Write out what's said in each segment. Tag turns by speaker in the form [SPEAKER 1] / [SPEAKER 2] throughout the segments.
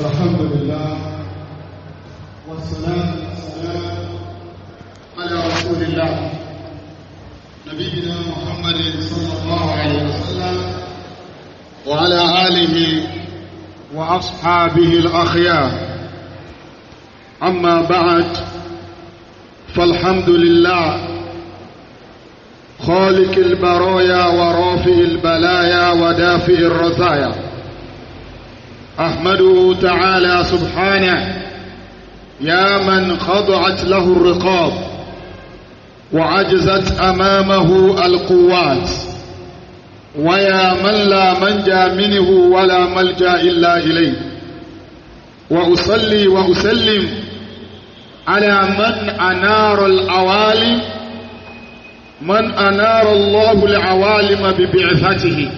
[SPEAKER 1] الحمد لله والصلاة والسلام
[SPEAKER 2] على رسول الله نبينا محمد صلى الله عليه وسلم وعلى آله وأصحابه الأخيار أما بعد فالحمد لله خالق البرايا ورافع البلايا ودافئ الرزايا أحمده تعالى سبحانه يا من خضعت له الرقاب وعجزت أمامه القوات ويا من لا منجى منه ولا ملجأ إلا إليه وأصلي وأسلم على من أنار العوالم من أنار الله العوالم ببعثته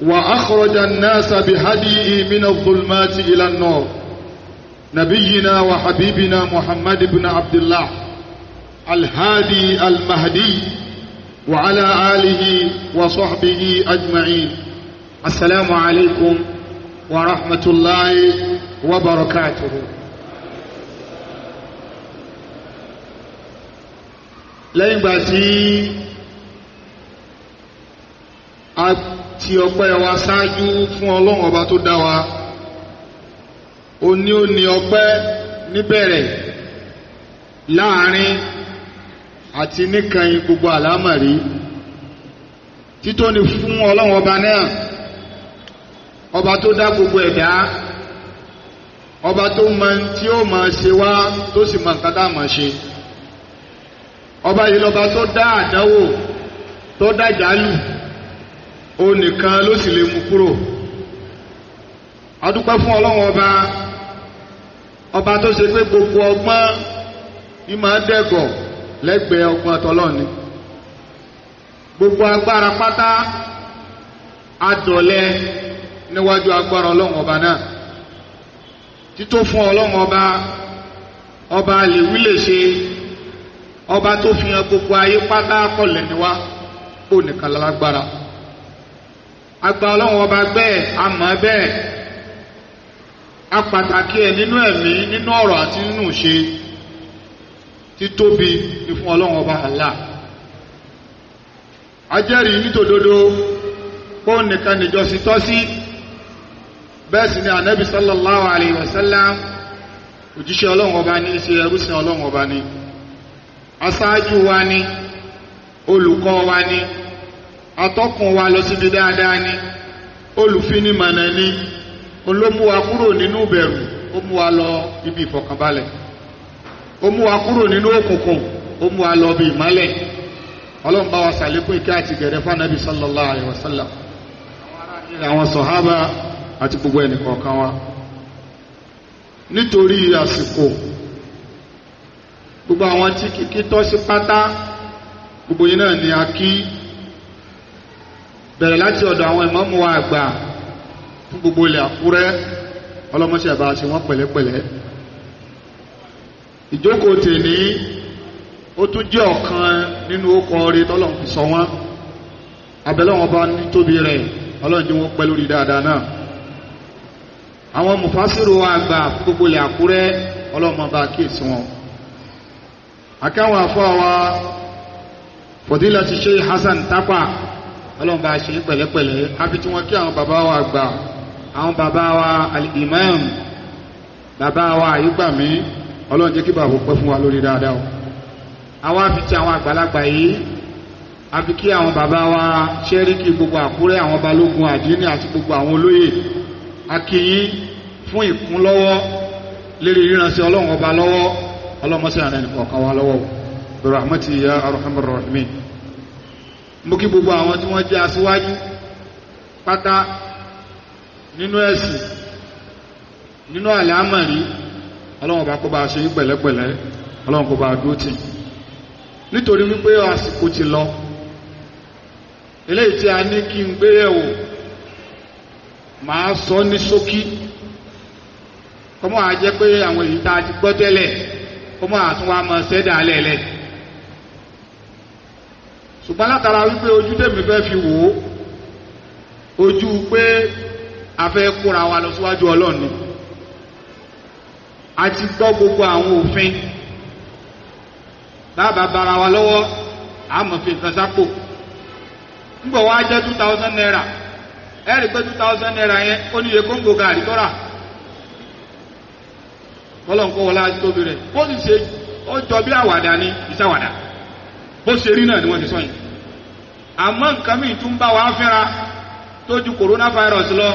[SPEAKER 2] وأخرج الناس بهديه من الظلمات إلى النور نبينا وحبيبنا محمد بن عبد الله الهادي المهدي وعلى آله وصحبه أجمعين السلام عليكم ورحمة الله وبركاته لين باتي ti ọpẹ́ wa ṣáájú fún ọlọ́run ọba tó dá wa òní òní ọpẹ́ níbẹ̀rẹ̀ láàrin àti níkànnì gbogbo àlámọ̀rí títóni fún ọlọ́run ọba náà ọba tó dá gbogbo ẹ̀dá ọba tó mọ tí ó máa ṣe wá tó sì mọ nǹkan tá a máa ṣe ọba yìí lọba tó dá àdánwò tó dá jálù. ó nìkan ló sì lè mú kúrò adúpẹ́ fún ọlọ́run ọba ọba tó ṣe pé gbogbo ọgbọ́n ní máa dẹ́gọ̀ lẹ́gbẹ̀ẹ́ ọgbọ́n tọlọ́ni gbogbo agbára pátá adọ̀lẹ́ níwájú agbára ọlọ́run ọba náà tító fún ọlọ́run ọba ọba àlèwí lè ṣe ọba tó fi hàn gbogbo ayé pátá kọlẹ̀ níwá ó nìkan lálágbára. La agba ọlọ́run ọba bẹ́ẹ̀ amọ̀ bẹ́ẹ̀ apàtàkì ẹ̀ nínú ẹ̀mí nínú ọ̀rọ̀ àti nínú ìṣe títóbi ni fún ọlọ́run ọba Allah ajẹ́rìí nítòdodo kó nìkan nìjọsìn tọ́ sí bẹ́ẹ̀ sì ni ànábì sallallahu alayhi wa sallam òjíṣẹ́ ọlọ́run ọba ní ṣe ẹrúsìn ọlọ́run ọba ní aṣáájú wa ní olùkọ́ wa ní. atọ́kùn wa lọ síbi dáadáa ni olùfinimọ̀nà ni olómú wa kúrò nínú ìbẹ̀rù ó lọ ibi ìfọ̀kànbalẹ̀ ó mú wa kúrò nínú òkùnkùn ó mú wa lọ bí ìmọ́lẹ̀ ọlọ́run bá wa sàlékún ìkẹ́ àti gẹ̀rẹ́ sallallahu alaihi wasallam àwọn sọ̀hábà àti gbogbo ẹnìkọ̀ọ̀kan wa nítorí àsìkò gbogbo àwọn tí kìkì gbogbo yìí náà ni a bẹ̀rẹ̀ láti ọ̀dọ̀ àwọn ìmáàmù wa àgbà fún gbogbo ilẹ̀ àkúrẹ́ ọlọ́mọṣẹ́ bá a ṣe wọ́n pẹ̀lẹ́pẹ̀lẹ́ ìjókòó tèní ó tún jẹ́ ọ̀kan nínú okọ̀ ọrẹ tọ́lọ̀ fi sọ wọ́n abẹ́lẹ́wọ̀n bá ní tóbi rẹ̀ ọlọ́run jẹ́ wọ́n pẹ́ lórí dáadáa náà àwọn mùfásírò wa àgbà fún gbogbo ilẹ̀ àkúrẹ́ ọlọ́run bá kíyèsí wọn akáwọn àfọ àwa fọdílà ti ṣe Hasan Tápà ọlọ́run bá ṣe pẹ̀lẹ́pẹ̀lẹ́ àfi tí wọ́n kí àwọn bàbá wa gbà àwọn bàbá wa al-imam bàbá wa àyígbàmí ọlọ́run jẹ́ kí bàbá pẹ́ fún wa lórí dáadáa o àwọn àfi tí àwọn àgbàlagbà yìí àfi kí àwọn bàbá wa ṣẹ́ríkì gbogbo àkúrẹ́ àwọn balógun àdínní àti gbogbo àwọn olóyè akínyín fún ìkúnlọ́wọ́ lérí ríranṣẹ́ ọlọ́run ọba lọ́wọ́ ọlọ́mọṣẹ́ àrẹ nìkan kan wa lọ́wọ́ o rahmatiya arhamar rahimin. mo kí gbogbo àwọn tí wọ́n jẹ́ aṣíwájú pátá nínú ẹ̀sìn nínú àlámọ̀rí ọlọ́run bá kó bá ṣe pẹ̀lẹ́pẹ̀lẹ́ ọlọ́run kó bá nítorí wípé àsìkò ti lọ eléyìí tí a ní kí n gbé sọ ní ṣókí kọ́mọ́ pé àwọn èyí tá a ti gbọ́ tẹ́lẹ̀ ṣùgbọ́n látara wípé ojú tèmi fẹ́ fi wò ó ojú pé a fẹ́ kóra wa lọ síwájú a ti gbọ́ gbogbo àwọn òfin dábàá bara wa lọ́wọ́ àmọ̀fin nǹkan ńgbọ̀ naira ẹ̀rí pé two naira yẹn ó níye kóńgò gàrí tọ́ra kọ́lọ̀ wọlé àti tóbi rẹ̀ jọ bí àwàdà ni ìṣàwàdà. bó ṣe rí náà ni wọ́n ti sọ yìí àmọ́ nǹkan mìíràn tún bá wa fẹ́ra tó ju coronavirus lọ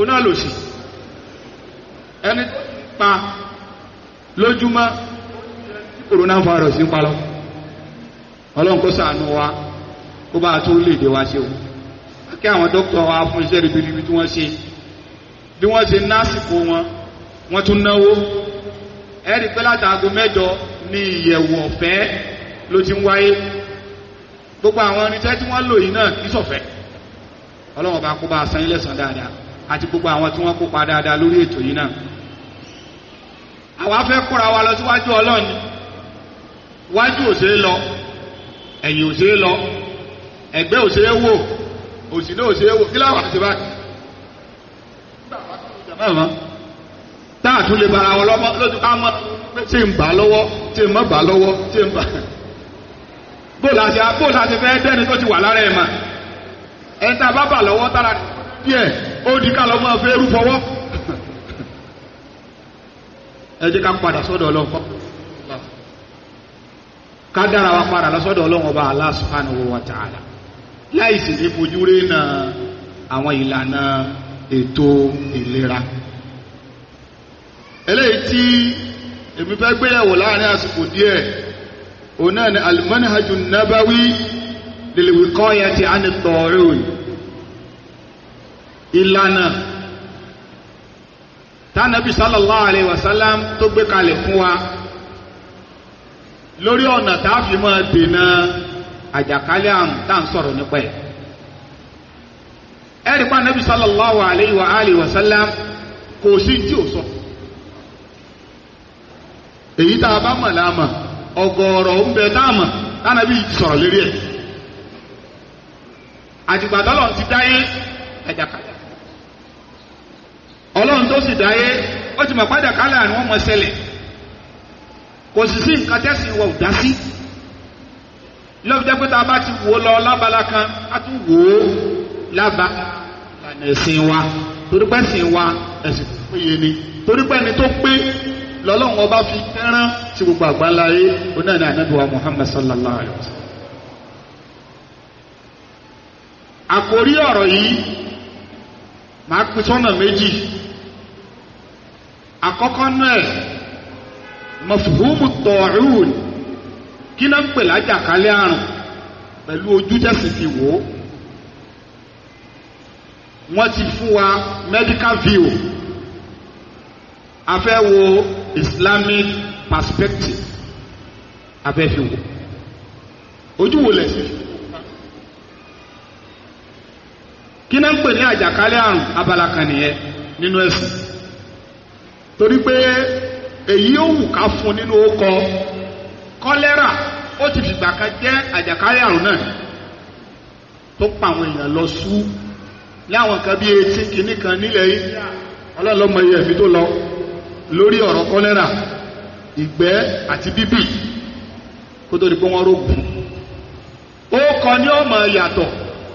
[SPEAKER 2] oná lòsì ẹni pa lójúmọ́ coronavirus ń pa lọ ọlọ́run kó ṣàánú wa kó bá a tó lè dé wa ṣe o kí àwọn dókítà wa fún iṣẹ́ ribiribi tí wọ́n ṣe bí wọ́n ṣe násìkò wọn wọ́n tún náwó ẹ̀rí pé látàgò mẹ́jọ ní ìyẹ̀wò ọ̀fẹ́ ló ti ń wáyé gbogbo àwọn irinṣẹ́ tí wọ́n lò yìí náà ìsọ̀fẹ́ ọlọ́run bá kó bá san ilé san dáadáa àti gbogbo àwọn tí wọ́n kópa dáadáa lórí ètò yìí náà
[SPEAKER 1] àwa fẹ́ kóra wa lọ síwájú ọlọ́run
[SPEAKER 2] wájú ò lọ ẹ̀yìn ò lọ ẹ̀gbẹ́ ò wò òsì náà wò kí láwọn àti báyìí mọ̀ táà tún lè bara wọn lọ́mọ lójú ká mọ̀ tí ń bà lọ́wọ́ tí ń mọ̀ bà lọ́wọ́ tí ń bà bóòlù àti bóòlù àti fẹ́ dẹ́ni tó ti wà lára ẹ̀ mà ẹni tá a bá bà lọ́wọ́ tára díẹ̀ ó di ká lọ́mọ fẹ́ rú fọwọ́ ẹ jẹ́ ká padà sọ́dọ̀ ọlọ́run kọ́ ká dára wa padà lọ́sọ́dọ̀ ọlọ́run ọba Allah subhanahu wa láì sì ní fojú rí na àwọn ìlànà ètò ìlera eléyìí tí èmi fẹ́ gbéyàwó láàrin àsìkò díẹ̀ òun náà ni almanhaju nabawi lilwiqayati ani tọ̀ọ̀rùn ìlànà tánàbí sallallahu alayhi wa sallam tó gbé kalẹ̀ fún wa lórí ọ̀nà tá a fi máa dènà àjàkálẹ̀ àrùn tá à ń sọ̀rọ̀ nípa ẹ̀ ẹ̀rí pa nàbí sallallahu alayhi wa alayhi wa sallam kò sí tí ò sọ èyí tá a bá mọ̀ láàmà. ọ̀gọ̀ọ̀rọ̀ ń bẹ dáàmà tánàbí sọ̀rọ̀ lérí ẹ̀ ti dáyé ẹ̀jàkadà ọlọ́run tó sì dáyé ó ti mọ̀ padà kálẹ̀ àni wọ́n mọ̀ ṣẹlẹ̀ kò sì sí nǹkan sí jẹ́ lọ lábala kan a tún wò ó lába wa torí wa ẹ̀sìn ni torí ọba fi tí gbogbo àgbáńlá ayé onáà ní ànábì wa Muhammad sallallahu alayhi wa sallam àkórí ọ̀rọ̀ yìí máa pín sọ́nà méjì àkọ́kọ́ náà mọ̀fùhùmù tọ̀ọ̀rùn kí náà ń pè lájàkálẹ̀ àrùn pẹ̀lú ojú tẹ̀sí ti wò ó wọ́n ti fún wa medical view a islamic perspective abẹ́fi wò ojú wo lẹ̀sìn kí náà ń pè ní àjàkálẹ̀ àrùn abala kan nìyẹn nínú ẹ̀sìn torí pé èyí ó wù ká fún nínú ọkọ kọ́lẹ́rà ó ti fìgbà kan jẹ́ àjàkálẹ̀ àrùn náà tó pa àwọn èèyàn lọ sú láwọn kan bí etí kìíní nílẹ̀ yìí ọlọ́lọ́mọ iye ẹ̀mí tó lọ lórí ọ̀rọ̀ kọ́lẹ́rà ìgbẹ́ àti bíbì kó tó di pé wọ́n rógùn ó kọ ní ọmọ yàtọ̀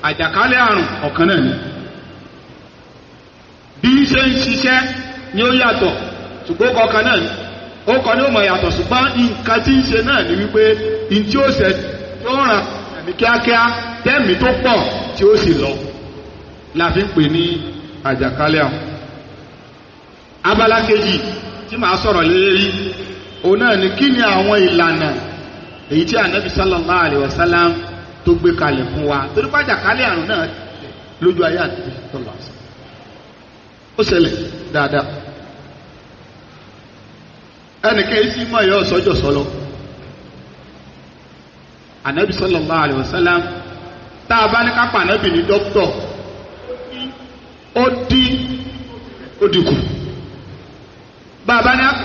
[SPEAKER 2] àjàkálẹ̀ àrùn ọ̀kan náà ni bí í ṣe ń ṣiṣẹ́ ni ó yàtọ̀ ṣùgbọ́n ó kọ ọ̀kan náà ni ó kọ ní ọmọ yàtọ̀ ṣùgbọ́n nǹkan tí ń ṣe náà ni wípé n tí ó ṣe tó ràn ẹ̀mí kíákíá tẹ́ẹ̀mí tó pọ̀ tí ó sì lọ la fi ń pè ní àjàkálẹ̀ àrùn abala kejì tí màá sọ̀rọ̀ lé Ona náà ni kí ni àwọn ìlànà èyí tí ànábì sallallahu alaihi wasallam tó gbé kalẹ̀ fún wa torí pàjà kálẹ̀ àrùn náà lójú ayé àti tọ́lá ó ṣẹlẹ̀ dáadáa ẹnìkan èyí sì mọ̀ ẹ̀yọ́ ọ̀sọ́jọ́ sọlọ ànábì sallallahu alaihi wasallam tá a bá ní kápá ànábì ní dókítọ̀ ó dín ó dínkù bá a bá ní kápá.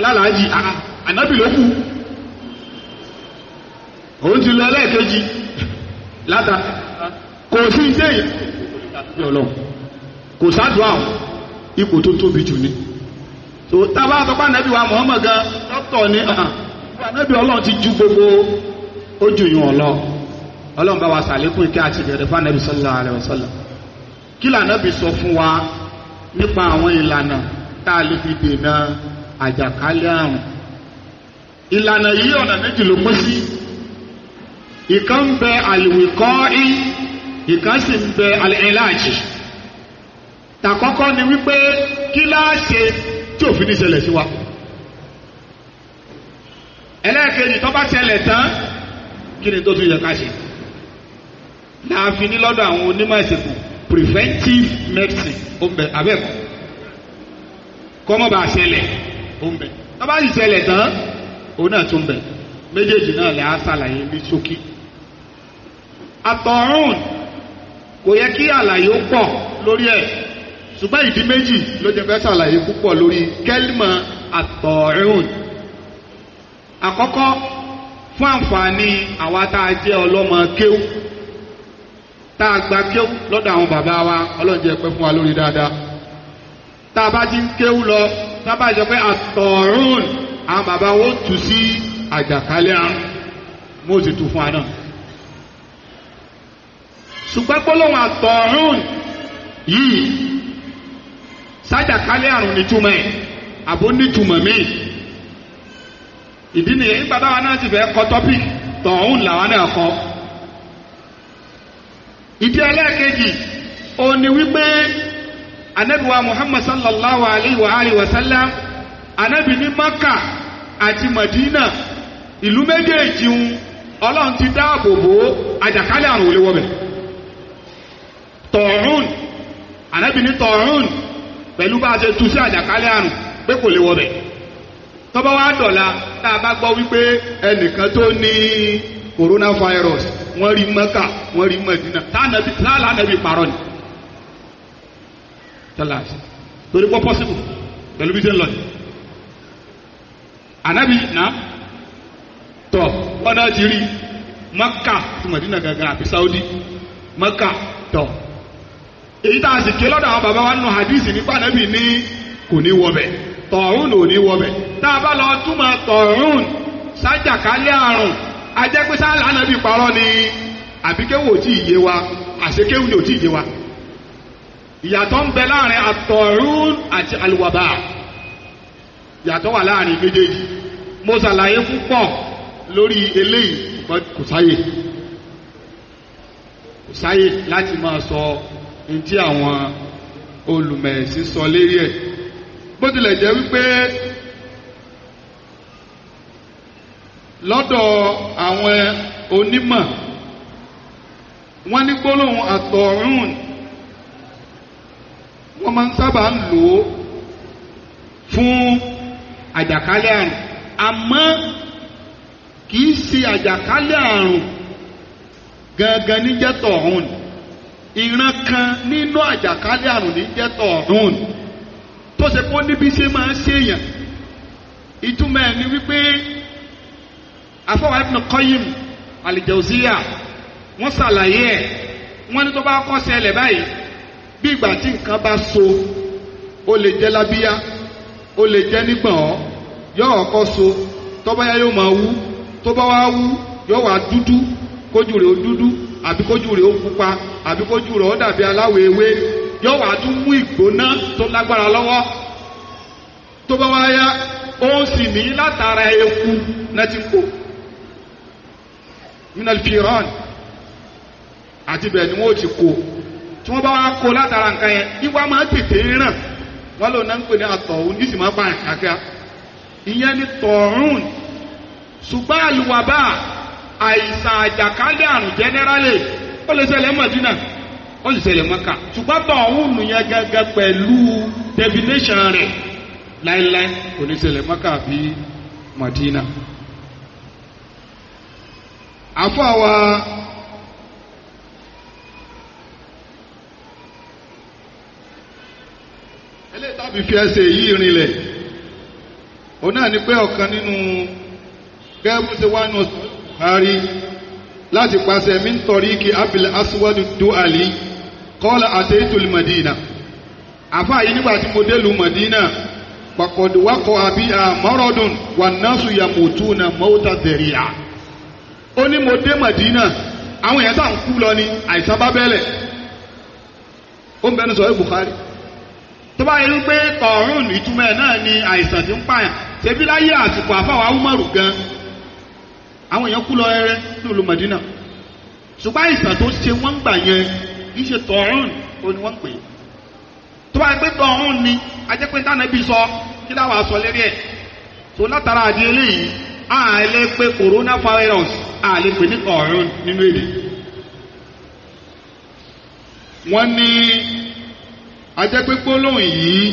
[SPEAKER 2] lálàájì ah, ànábì ló kù òun ti lọ ẹlẹ́ẹ̀kejì látà kò sí iṣẹ́ ìyọ̀lọ́ kò sádùá ipò tó tóbi jù ni tó tábà àtọ́pá ànábì wa Muhammad gan dọ́tọ̀ ni ah, ànábì ọlọ́run ti ju gbogbo ojú yìí wọn lọ ọlọ́run bá wa sàlékún ìkẹ́ àti ìbẹ̀rẹ̀ fún ànábì sallallahu alaihi wasallam kí lànábì sọ fún wa nípa àwọn ìlànà tá a lè fi dènà àjàkálẹ̀ àrùn ìlànà yìí ọ̀nà méjì ló pín sí ìkan ń bẹ àlìwìkọ́ì ìkan sì ń bẹ àlìláàjì tàkọ́kọ́ ni wípé kí láàṣe tí òfin ní ṣẹlẹ̀ sí wa ẹlẹ́ẹ̀kejì tó bá ṣẹlẹ̀ tán kí ni tó tún yẹ ká ṣe láàfin ní lọ́dọ̀ àwọn onímọ̀ ìsìnkú preventive medicine ó bẹ abẹ́kọ̀ kọ́mọ́ bá ṣẹlẹ̀ ó ń bẹ tó bá sì ṣẹlẹ̀ tán òun náà tún bẹ méjèèjì náà lè á ṣàlàyé ní ṣókí. àtọ̀rùn kò yẹ kí àlàyé ó pọ̀ lórí ẹ̀ ṣùgbọ́n ìdí méjì ló jẹ́ fẹ́ ṣàlàyé púpọ̀ lórí kẹ́límà àtọ̀rùn. àkọ́kọ́ fún àǹfààní àwa tá a jẹ́ ọlọ́mọ kéwú tá a gba kéwú lọ́dọ̀ àwọn bàbá wa ọlọ́run jẹ́ pẹ́ fún wa lórí dáadáa tá a bá ti ń kéwú lọ sábà jọ pé àtọ̀rún àwọn bàbá wo tù sí àjàkálẹ̀ àrùn mo sì tù fún wa náà. ṣùgbọ́n gbólóhùn àtọ̀rún yìí sájàkálẹ̀ àrùn nítumọ̀ ẹ̀ àbó nítumọ̀ míì ìdí nìyẹn nígbà táwa náà ti fẹ́ kọ́ topic tọ̀hún làwa náà kọ́. ìdí ẹlẹ́ẹ̀kejì òun wípé anabi wa muhammad sallallahu alayhi wa alayhi wa sallam anabi ní maka àti madina ìlú méjèèjì ń ọlọ́run ti dáàbò bò ó àjàkálẹ̀ àrùn olè wọbẹ̀ tọ̀ọ̀rùn anabi ní tọ̀ọ̀rùn pẹ̀lú bá a ṣe tu sí àjàkálẹ̀ àrùn pé kò lè wọbẹ̀ tọ́ba wa dọ̀la tá a bá gbọ́ wípé ẹnìkan tó ní coronavirus wọ́n rí maka wọ́n rí madina tá a nàbí tá a lànà bí parọ́ ni tẹ́lẹ̀ torí pọ́ pọ́sibù pẹ̀lú bí ṣe ń lọ yìí anabi na tọ ọdọ ti maka tí madina àti saudi maka tọ èyí tá a sì ké lọ́dọ̀ àwọn bàbá wa nù hadith nípa anabi ní kò ní wọbẹ̀ tọ̀hún ò ní wọbẹ̀ tá a bá lọ túmọ̀ tọ̀hún sájàkálẹ̀ àrùn ajẹ́pẹ́sá lànà bí parọ́ ni àbíkéwò tí ì yé wa àṣekéwò ni ò tí ì yé wa ìyàtọ̀ ń bẹ láàrin àtọ̀rún àti àlùwàbà ìyàtọ̀ wà láàrin méjèèjì mo ṣàlàyé púpọ̀ lórí eléyìí kò sáyè kò sáyè láti máa sọ ní tí àwọn olùmẹ̀sí sọ lérí ẹ̀ bó tilẹ̀ jẹ́ wípé lọ́dọ̀ àwọn onímọ̀ wọ́n ní gbólóhùn àtọ̀rún wọ́n máa ń sábà ń lò ó fún àjàkálẹ̀ àrùn àmọ́ kì í ṣe àjàkálẹ̀ àrùn gangan ní jẹ́tọ̀ ọ̀hún ìran kan nínú àjàkálẹ̀ àrùn ní jẹ́tọ̀ ọ̀hún tó ṣe kó níbi ṣe máa ń ṣèyàn ìtumọ̀ ẹ̀ ni wípé afọwọ́ Ibn Qayyim wọ́n ṣàlàyé ẹ̀ wọ́n ní tó bá kọ́ ṣẹlẹ̀ báyìí bí ìgbà tí nǹkan bá so ó lè jẹ́ lábíyá ó lè jẹ́ nígbọ̀n ọ́ yóò ọkọ so tọ́báyá yóò máa wú tó bá wá wú yóò wá dúdú kójú rẹ̀ ó dúdú àbí kójú rẹ̀ ó pupa àbí kójú rẹ̀ ó dàbí aláwọ̀ ewé yóò wá tún mú ìgbóná tó lágbára lọ́wọ́ tó wá yá ó sì ní látara eku náà ti kó minal piran àti bẹ́ẹ̀ ni wọ́n ti kó. tí wọ́n bá wá kó látara nǹkan yẹn ìwà máa tètè ràn wọ́n lò náà ń pè ní ní sì máa ìyẹn ni tọ̀rún ṣùgbọ́n àlùwàbà àìsàn àjàkálẹ̀ àrùn jẹ́nẹ́rálì ó lè ṣẹlẹ̀ mọ̀dínà ó lè ṣẹlẹ̀ mọ́kà ṣùgbọ́n tọ̀hún nìyẹn gẹ́gẹ́ pẹ̀lú definition rẹ̀ láíláí kò ní ṣẹlẹ̀ mọ́kà fífi ẹsẹ̀ yìí rinlẹ̀ òun náà ni pé ọ̀kan nínú gẹ́gẹ́ bó ṣe wá nù Bukhari láti pàṣẹ min toriki abil aswad duali kọ́lá àtẹ́tùl madina àfa yìí nígbà tí mo délu madina pàkọ́dù wákọ̀ àbí àmọ́rọ́dùn wà násù yàmùtú na mọ́tà dẹ̀ríà ó ní mo dé madina àwọn èèyàn tá à ń kú lọ ni àìsàn bá bẹ́lẹ̀ ó ń bẹnu sọ ẹ́ Bukhari. tó bá yẹnu pé kọ̀ọ̀rún ìtumọ̀ ẹ̀ ni àìsàn ti ń pààyàn ṣebí láyé àsìkò gan àwọn èèyàn kú lọ rẹrẹ nílùú Madina ṣùgbọ́n àìsàn tó ṣe wọ́n gbà yẹn kì í ṣe ní wọ́n pè é ni ajẹ́pẹ́ tánàbí sọ kí sọ lérí ẹ̀ tó látara àdé eléyìí a lè pe coronavirus a lè pè ní nínú ajẹ́ pé gbólóhùn yìí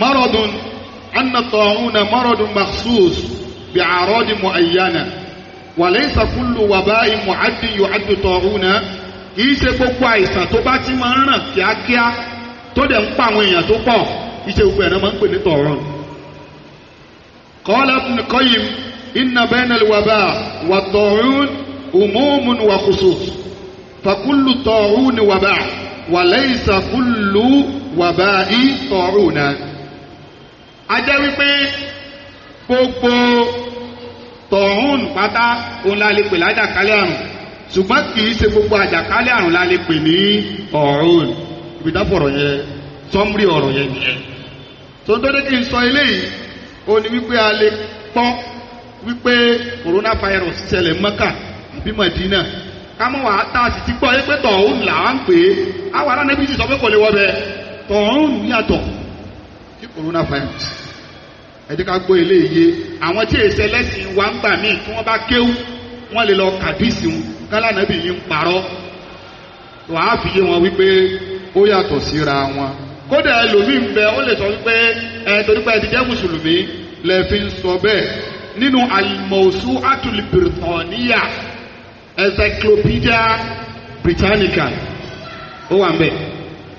[SPEAKER 2] maradun anna ta'una maradun makhsus bi aradi muayyana wa laysa kullu waba'i mu'addi yu'addu ta'una kìí ṣe gbogbo àìsàn tó bá ti máa ń ràn kíákíá tó dẹ̀ ń pa àwọn èèyàn tó pọ̀ iṣẹ́ gbogbo ẹ̀rọ máa ń pè ní ta'un. qala ibn qayyim inna bayna al-waba'i wa ta'un umumun wa khusus fa kullu wàlẹ́yìísà kúlù wàbá ìtọ̀rù náà a jẹ́ wípé gbogbo tọ̀hún pátá òun la lè pè lájàkálẹ̀ àrùn ṣùgbọ́n kì í ṣe gbogbo àjàkálẹ̀ àrùn la lè pè ní ọ̀run ibi dáfọ̀rọ̀ yẹn sọ́mùrì ọ̀rọ̀ yẹn nìyẹn tó ń dọ́dẹ́ sọ eléyìí ó ní wípé a lè pọ́n wípé coronavirus ṣẹlẹ̀ mọ́kà àbí mọ̀dínà kámọ́ wàá tá a ti gbọ́ pé tọ̀hún là ń pè é àwọn ará nẹ́bí sì sọ pé lè wọ bẹ́ẹ̀ tọ̀hún yàtọ̀ sí coronavirus ẹ̀dí ká gbọ́ eléyìí àwọn tí èsì ẹlẹ́sìn wa ń gbà míì tí wọ́n bá kéwú wọ́n lè lọ kàdísì wọn kálá nẹ́bí yìí ń parọ́ wàá fi yé wọn wípé ó yàtọ̀ síra wọn kódà ẹlòmíín bẹ ó lè sọ wípé ẹ torí pé ẹ ti jẹ́ mùsùlùmí lẹ fi ń sọ bẹ́ẹ̀ nínú àlùmọ̀ọ́sù àtùlùbìrìtàníyà encyclopedia britannica ó wà mbẹ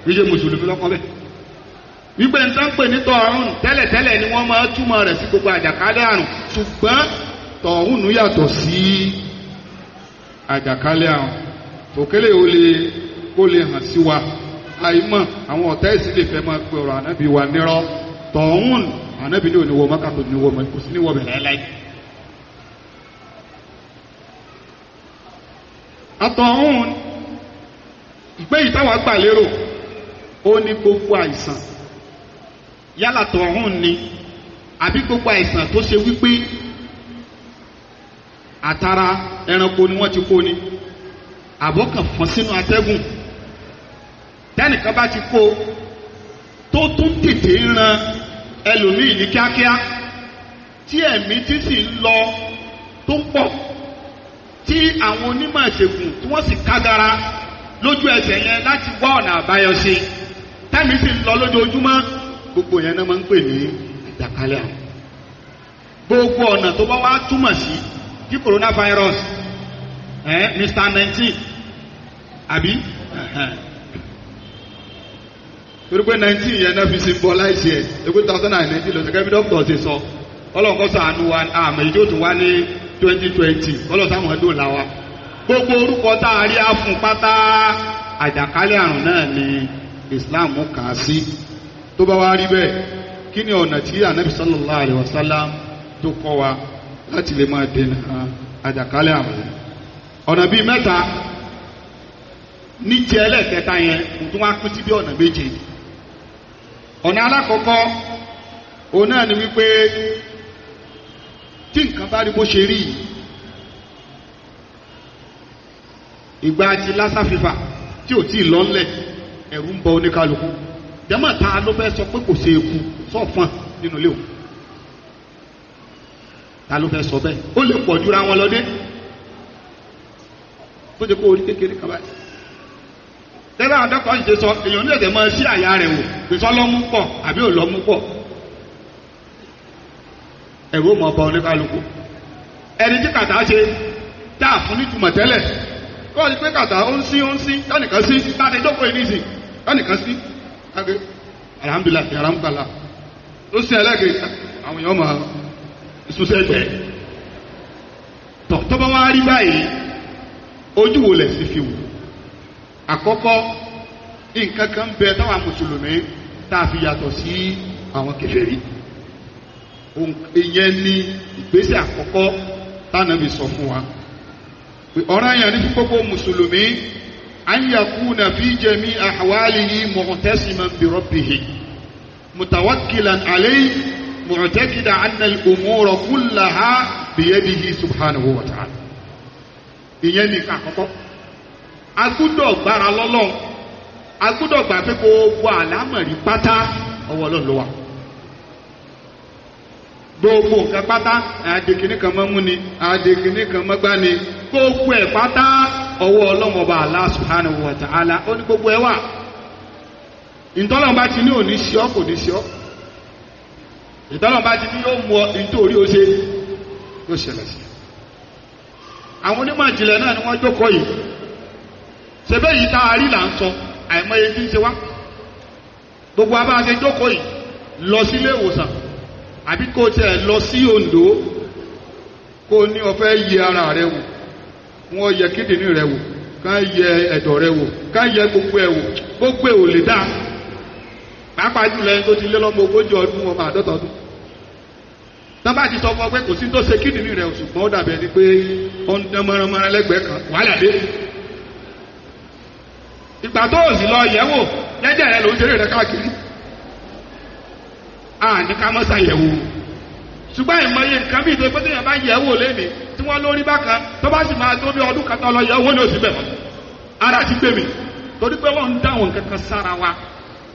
[SPEAKER 2] wíjẹ mùsùlùmí lọkọ bẹ wípé n tán pè ní tọ̀ọ̀rùn tẹ́lẹ̀tẹ́lẹ̀ ni wọ́n máa túmọ̀ rẹ̀ sí gbogbo àjàkálẹ̀ àrùn ṣùgbọ́n tọ̀ọ̀rùn yàtọ̀ sí àjàkálẹ̀ àrùn òkèlè ó lè kó lè hàn sí wa àìmọ̀ àwọn ọ̀tá ẹ̀sìn lè fẹ́ máa pe ànábì wa nírọ́ tọ̀ọ̀rùn ànábì ní òníwọ̀ mọ́kàtó níwọ̀ mọ́ kò sí níwọ̀ bẹ̀rẹ̀ láìpẹ́. àtọ̀hún ìgbé yìí táwọn gbà lérò ó ní gbogbo àìsàn yálà tọ̀hún ni àbí gbogbo àìsàn tó ṣe wípé àtara ẹranko ni wọ́n ti kó ni àbọ̀kàn fọ́n sínú atẹ́gùn tẹ́nìkan bá ti kó tó tún tètè ran ẹlòmíì ní kíákíá tí ẹ̀mí títí lọ tó pọ̀ tí àwọn onímọ̀ ìṣègùn tí wọ́n sì kágara lójú ẹsẹ̀ yẹn láti wá ọ̀nà àbáyọ sí i tẹ́mi sì ń lọ lójoojúmọ́ gbogbo yẹn náà máa ń pè ní ìjàkálẹ̀ àrùn gbogbo ọ̀nà tó bá wá túmọ̀ sí kí coronavirus ẹ̀ mr nineteen àbí torí nineteen yẹn náà fi ṣe bọ́ láìsí ẹ̀ two thousand and nineteen lọ́sẹ̀ kẹ́mi dókítà ṣe sọ ọlọ́run kọ́ sọ àánú wa àmọ̀ ìjó tún wá ní. 2020 twenty ọlọ́sàmù ẹ̀dùn làwa gbogbo orúkọ tá a rí a fún pátá àjàkálẹ̀ àrùn náà ni Islam kà á sí tó bá wá rí bẹ́ẹ̀ kí ni ọ̀nà tí anabi sallallahu alayhi wa sallam tó kọ́ wa láti lè máa dènà àjàkálẹ̀ àrùn ọ̀nà bíi mẹ́ta ní ti ẹlẹ́ẹ̀kẹta yẹn kò tún wá pín sí bí ọ̀nà méje ọ̀nà alákọ̀ọ́kọ́ òun náà ni wípé tí nǹkan bá rí bó ṣe rí yìí ìgbà àti lásàfífà tí ò tí ì lọ́nlẹ̀ ẹ̀rù ń bọ oníkálukú jẹ́mọ̀ ta ló fẹ́ sọ pé kò ṣe eku sọ̀fọ̀n nínú ilé o ta ló fẹ́ sọ bẹ́ẹ̀ ó lè pọ̀ jura wọn lọ dé bó ṣe kó orí kékeré kan báyìí tẹ́lá àdọ́kọ̀ ń ṣe sọ èèyàn ní ẹ̀dẹ̀ máa ṣí àyà rẹ̀ wò pèsè ọlọ́mú pọ̀ àbí òlọ́mú pọ̀ ẹ̀rọ mọ̀ ọba oníkálukú ẹni tí kàtà ṣe tá a fún nítumọ̀ tẹ́lẹ̀ kọ́ ọ ti pé kàtà ó ń sí ó ń sí tánìkan sí láti dókòó yìí nìsín tánìkan sí káge alhamdulilayi alhamdulilayi ó sì ẹlẹ́gẹ̀ẹ́ àwọn èèyàn máa ṣúṣẹ́ jẹ́ tọ̀ tó bá wá rí báyìí ojú wo lẹ̀ sí fi wù àkọ́kọ́ nǹkan kan bẹ táwọn mùsùlùmí tá a fi yàtọ̀ sí àwọn kèfèrí ìyẹn ni ìgbésẹ̀ àkọ́kọ́ tánàbí sọ fún wa ọ̀ràn yẹn ní fúkókó mùsùlùmí anyakuna fi jẹmi ahwalihi mu'tasiman bi rabbihi mutawakkilan alayhi mu'takida anna al-umura kullaha biyadihi subhanahu wa ta'ala ìyẹn ní àkọ́kọ́ agbúdọ̀ gbára lọ́lọ́ agbúdọ̀ gbà pé gbogbo àlámọ̀rí pátá ọwọ́ Ọlọ́run gbogbo nǹkan pátá àdèkìní kan mọ́ mú ni àdèkìní kan mọ́ gbá ni gbogbo ẹ̀ pátá ọwọ́ ọlọ́run ọba Allah subhanahu wa ta'ala ó ní gbogbo ẹ̀ wà ìtọ́lọ́mọba ti ní òní ṣọ́ kò ní ṣọ́ ìtọ́lọ́mọba ti ní yóò mú ọ nítorí ó ṣe yóò ṣẹlẹ̀ sí àwọn onímọ̀ ìjìnlẹ̀ náà ni wọ́n jókòó yìí ṣebẹ́ yìí tá a rí là ń sọ àìmọye tí ń ṣe wá gbogbo abáṣe jókòó yìí lọ sílé ìwòsàn àbí kó tẹ̀ lọ sí Oǹdó kó ní o fẹ́ yẹ ara rẹ wò wọ́n yẹ kídìní rẹ wò kán yẹ ẹ̀dọ̀ rẹ wò kán yẹ gbogbo ẹ̀ wò gbogbo ẹ̀ ò lè dáa pàápàá jùlọ ẹni tó ti lé lọ́mọ ogójì ọdún ọmọ àádọ́ta ọdún tán bá ti sọ fún ọ pé kò sí tó ṣe kídìní rẹ ṣùgbọ́n ó dàbẹ̀ ni pé ó ń dán mọ́ránmọ́rán lẹ́gbẹ̀ẹ́ kan wàhálà dé ìgbà tó ò sì lọ yẹ̀ wò jẹ́jẹ́ rẹ lòún ṣeré rẹ káàkiri àní ah, ká mọ́ sàyẹ̀wò ṣùgbọ́n ìmọye nǹkan bí ìdè pété yẹn bá yẹ̀ wò lé mi tí wọ́n lórí bákan tó bá sì máa tó bí ọdún kan lọ yẹ ní oṣù ara ti gbé mi torí pé wọ́n ń dá àwọn nǹkan sára wa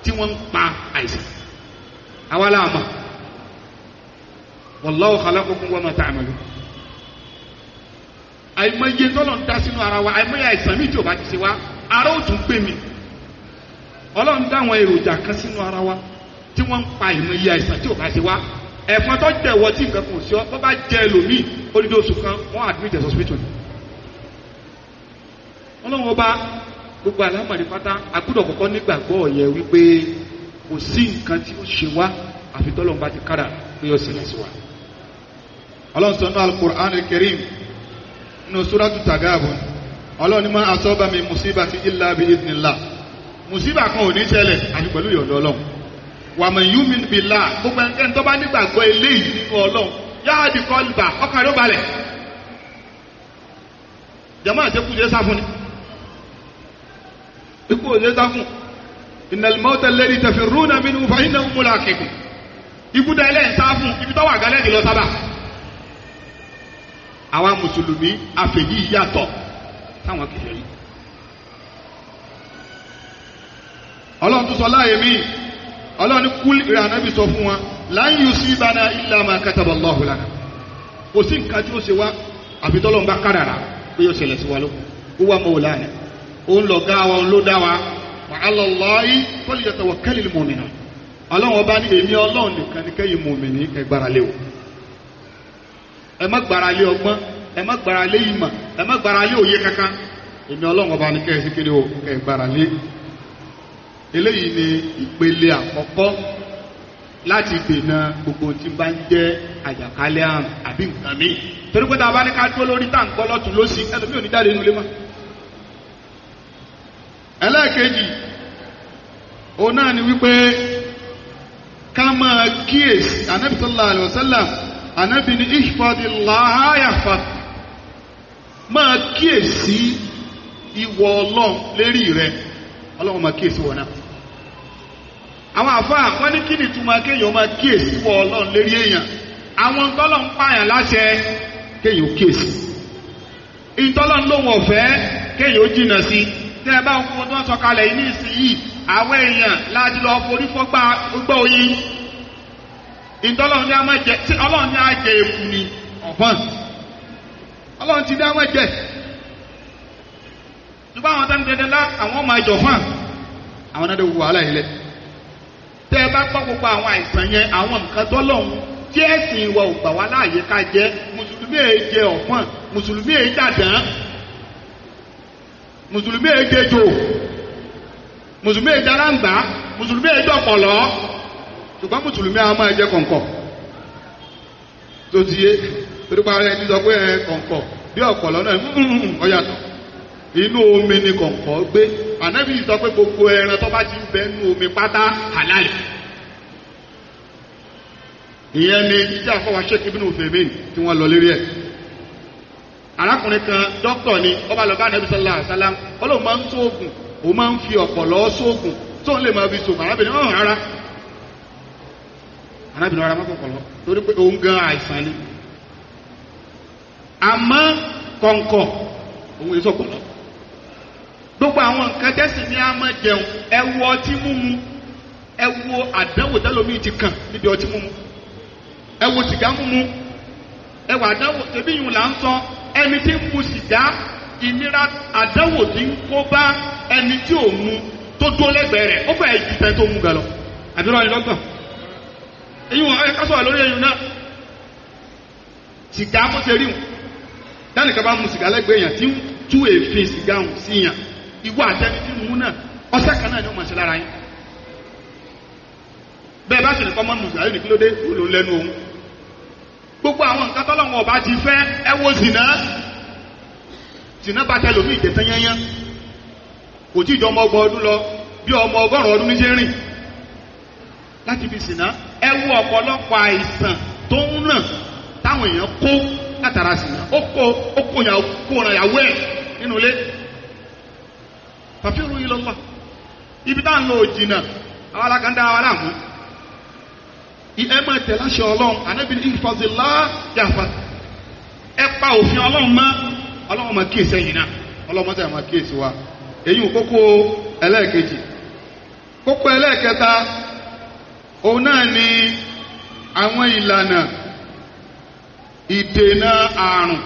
[SPEAKER 2] tí wọ́n ń pa àìsàn àwa ma ta'malun àìmọye tọ́lọ̀ ń dá sínú ara wa àìsàn mi wa ara ó tún gbé mi ọlọ́run dá àwọn tí wọ́n ń pa ìmọ̀ iye àìsàn tí ò bá ṣe wá ẹ̀fọn tó jẹ̀wọ́ tí nǹkan kò sí ọ bó bá jẹ ẹlòmíì ó dídé oṣù kan wọ́n admit ẹ̀sọ́ hospital ni. ọlọ́run ọba gbogbo àlámọ̀rí pátá agbọ́dọ̀ kọ́kọ́ nígbàgbọ́ yẹ wípé kò sí nǹkan tí ó ṣe wá àfi tọ́lọ́run bá ti kára pé ó ṣẹlẹ̀ sí wa. ọlọ́run sọ náà al-Qur'an al-Karim nínú suratu Tagabun ọlọ́run ní ma asaba min musibati illa bi idhnillah kan ò ní ṣẹlẹ̀ àti pẹ̀lú ìyọ̀dọ̀ ọlọ́run wàmọ̀ yúmin bìlà gbogbo ẹnikẹ́ni tó bá nígbàgbọ́ eléyìí nínú ọlọ́run yáa di kọ́lùbà ọkàn ló balẹ̀ jama àtẹkù jẹ sáfún ni ikú ò jẹ sáfún ìnàlùmọ́tà lẹ́yìn tẹ̀fẹ̀ rúnà mí ni mo fà yín náà ń múlò àkẹ́kù ikú dẹ́lẹ̀ ń sáfún ibi tó wà gálẹ́ sábà àwa mùsùlùmí àfẹ̀yí yàtọ̀ táwọn kìlọ̀ yìí ọlọ́run tó sọ láàyè míì ọlọ́run kúl ìrànábì sọ fún wọn lan yusibana illa ma kataba Allahu lana kò sí nǹkan tí ó ṣe wá àfi tọ́lọ́run pé yóò ṣẹlẹ̀ sí wa lókun ó wà mawlana òun lọ gá wa òun ló dá wa wa ala Allahi falyatawakkalil mu'minun ọlọ́run ọba ní èmi ọlọ́run nìkan ní kẹ́yìn mùmìnì ẹgbàralé o ẹ má gbàralé ọgbọ́n ẹ má gbàralé ìmọ̀ eléyìí ni ìpele àkọ́kọ́ láti dènà gbogbo tí bá ń jẹ́ àjàkálẹ̀ àrùn àbí nǹkan míì torí pé tá a bá ní ká dúró lórí táǹkọ́ lọ́tún ló ẹlòmíì ò ní jáde nílé mọ́. ẹlẹ́ẹ̀kejì òun náà ni wípé ká máa kíyèsí anábì sallallahu alaihi wasallam anábì ní ihfadillaha yahfad máa kíyèsí ìwọ ọlọ́run lérí rẹ ọlọ́run máa kíyèsí wọn náà. àwọn àfáà wọ́n ní kí ni túmọ̀ kéèyàn máa kíyèsí wọ ọlọ́run lérí èèyàn àwọn tọ́lọ̀ ń pààyàn láṣẹ kéèyàn kíyèsí ìtọ́lọ̀ ń ọ̀fẹ́ kéèyàn jìnnà sí tẹ́ ẹ bá ń fún wọn sọ̀kalẹ̀ yìí ní oyin ìtọ́lọ́run ní tí ọlọ́run ní àjẹ ni ọ̀pọ̀n ọlọ́run ti ní ṣùgbọ́n àwọn lá ọmọ fún àwọn wù wàhálà tẹ́ ẹ bá gbọ́ gbogbo àwọn àìsàn yẹn àwọn nǹkan tọ́lọ́hún tí ẹ̀sìn ìwà ò gbà wá láàyè ká jẹ mùsùlùmí èyí jẹ ọ̀pọ̀n mùsùlùmí èyí dàdán mùsùlùmí èyí jẹjọ mùsùlùmí èyí jarangba mùsùlùmí èyí dọ̀pọ̀lọ́ ṣùgbọ́n mùsùlùmí àwọn máa jẹ kọ̀ǹkọ̀ tó ti yé torí pa ẹni sọ pé kọ̀ǹkọ̀ bí ọ̀pọ̀lọ́ náà ọ̀yàtọ̀ inú omi ni kọ̀ǹkọ̀ gbé ànábì sọ pé gbogbo ẹran tó bá ti ń bẹ nínú omi pátá halal ìyẹn ni jíjẹ́ àfọwọ́ sheik ibn ufemin tí wọ́n lọ lérí ẹ̀ arákùnrin kan dókítà ni ó bá lọ bá ànábì sallallahu alaihi wasallam ó lóun máa ń sóògùn òun máa ń fi ọ̀pọ̀lọ́ sóògùn tó ń lè máa fi sògùn arábìnrin ọ̀hún rárá arábìnrin ọ̀rá mọ́kànlọ́ torí pé òun gan àìsàn ni àmọ́ kọ̀ǹkọ̀ òun èso kọ̀ǹkọ̀ gbogbo àwọn nǹkan tẹ́sìn ní àmọ́ jẹun ẹ wo ọtí mímu ẹ wo àdánwò tẹ́lómi ti kàn níbi ọtí mímu ẹ wo sìgá mímu ẹ wo àdánwò tẹ́bí yìí là ń sọ ẹni tí ń mu sìgá ìnira àdánwò tí ń kó bá ẹni tí ò mu tó dúró lẹ́gbẹ̀ẹ́ rẹ̀ ó fẹ́ẹ́ ju tẹ́ mu gà lọ àbúrò lọ́gbọ̀n èyí wọn ẹ kásọ̀ lórí ẹ̀yìn náà sìgá bó ṣe rí wọn dáníkà bá mu sìgá lẹ́gbẹ̀ẹ́ yẹn tí ń tú èéfín sìgá hùn sí ìwọ àtẹni tí mò ń náà ọṣẹ kan náà ni ó mọ̀ sí lára yín bẹ́ẹ̀ bá sì ní kọ́mọ́nù ìgbà yóò ní kí ló dé kó ló ń lẹ́nu òun gbogbo àwọn nǹkan tọ́lọ́wọ́n ọba ti fẹ́ ẹ wo zìnà zìnà bá tẹlẹ omi ìjẹta yányán kò tí ì jọ ọmọ ọgbọ̀n ọdún lọ bí ọmọ ọgọ́rùn-ún ọdún níṣẹ́ rìn láti fi zìnà ẹ wo ọ̀pọ̀lọpọ̀ àìsàn tó ń ràn táwọn èèyàn kó látara zìnà ó kó ó kó yàwó ẹ̀ nínú ilé fafiru ilo mba ibi ta nlo jina awala kanda awala hu i ema te la shi olong anabi ni ifazi la jafa epa ofi olong ma olong ma kese yina olong ma te ma kese wa eyi koko elekeji koko eleketa ona ni awon ilana itena àrùn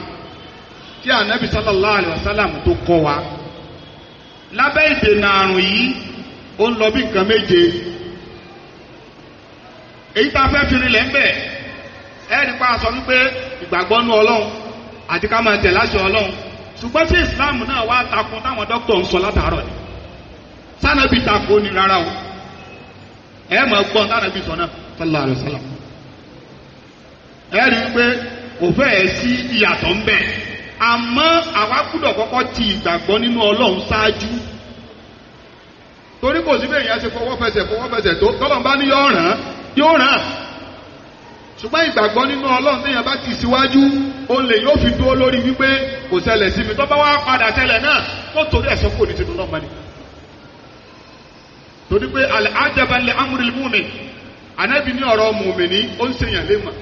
[SPEAKER 2] tí anabi sallallahu alayhi wa sallam tó kọ lábẹ́ ìdènà àrùn yìí ó ń lọ bí nǹkan méje èyí tá a fẹ́ fi rinlẹ̀ ń bẹ̀ ẹ́ rí pa sọ wípé ìgbàgbọ́ nú ọlọ́run àti ká máa tẹ̀ láṣẹ ọlọ́run ṣùgbọ́n tí ìsìláàmù náà wá takun táwọn dókítà ń sọ látàárọ̀ ni sanabi takun ni rárá o ẹ máa gbọ́ sanabi sọ náà sallallahu alaihi wasallam ẹ rí i pé kò fẹ́ẹ̀ sí ìyàtọ̀ ń bẹ̀ àmọ́ àwa kúdọ̀ kọ́kọ́ ti ìgbàgbọ́ nínú ọlọ́run ṣáájú torí kò sí bẹ́ẹ̀ yẹn ṣe fọwọ́ fẹsẹ̀ fọwọ́ fẹsẹ̀ tó tọ́lọ̀ bá ní yóò ràn án yóò ràn án ṣùgbọ́n ìgbàgbọ́ nínú ọlọ́run téèyàn bá ti síwájú ó lè yóò fi dúró lórí wípé kò ṣẹlẹ̀ sí mi tó bá wá padà ṣẹlẹ̀ náà tó torí ẹ̀sọ́ kò ní ti dùn náà mọ́ni. torí pé àlẹ́ àjẹbẹ́lẹ́ amúril múmi ní ọ̀rọ̀ mùmí ni ó ń ṣèyàn lé mọ̀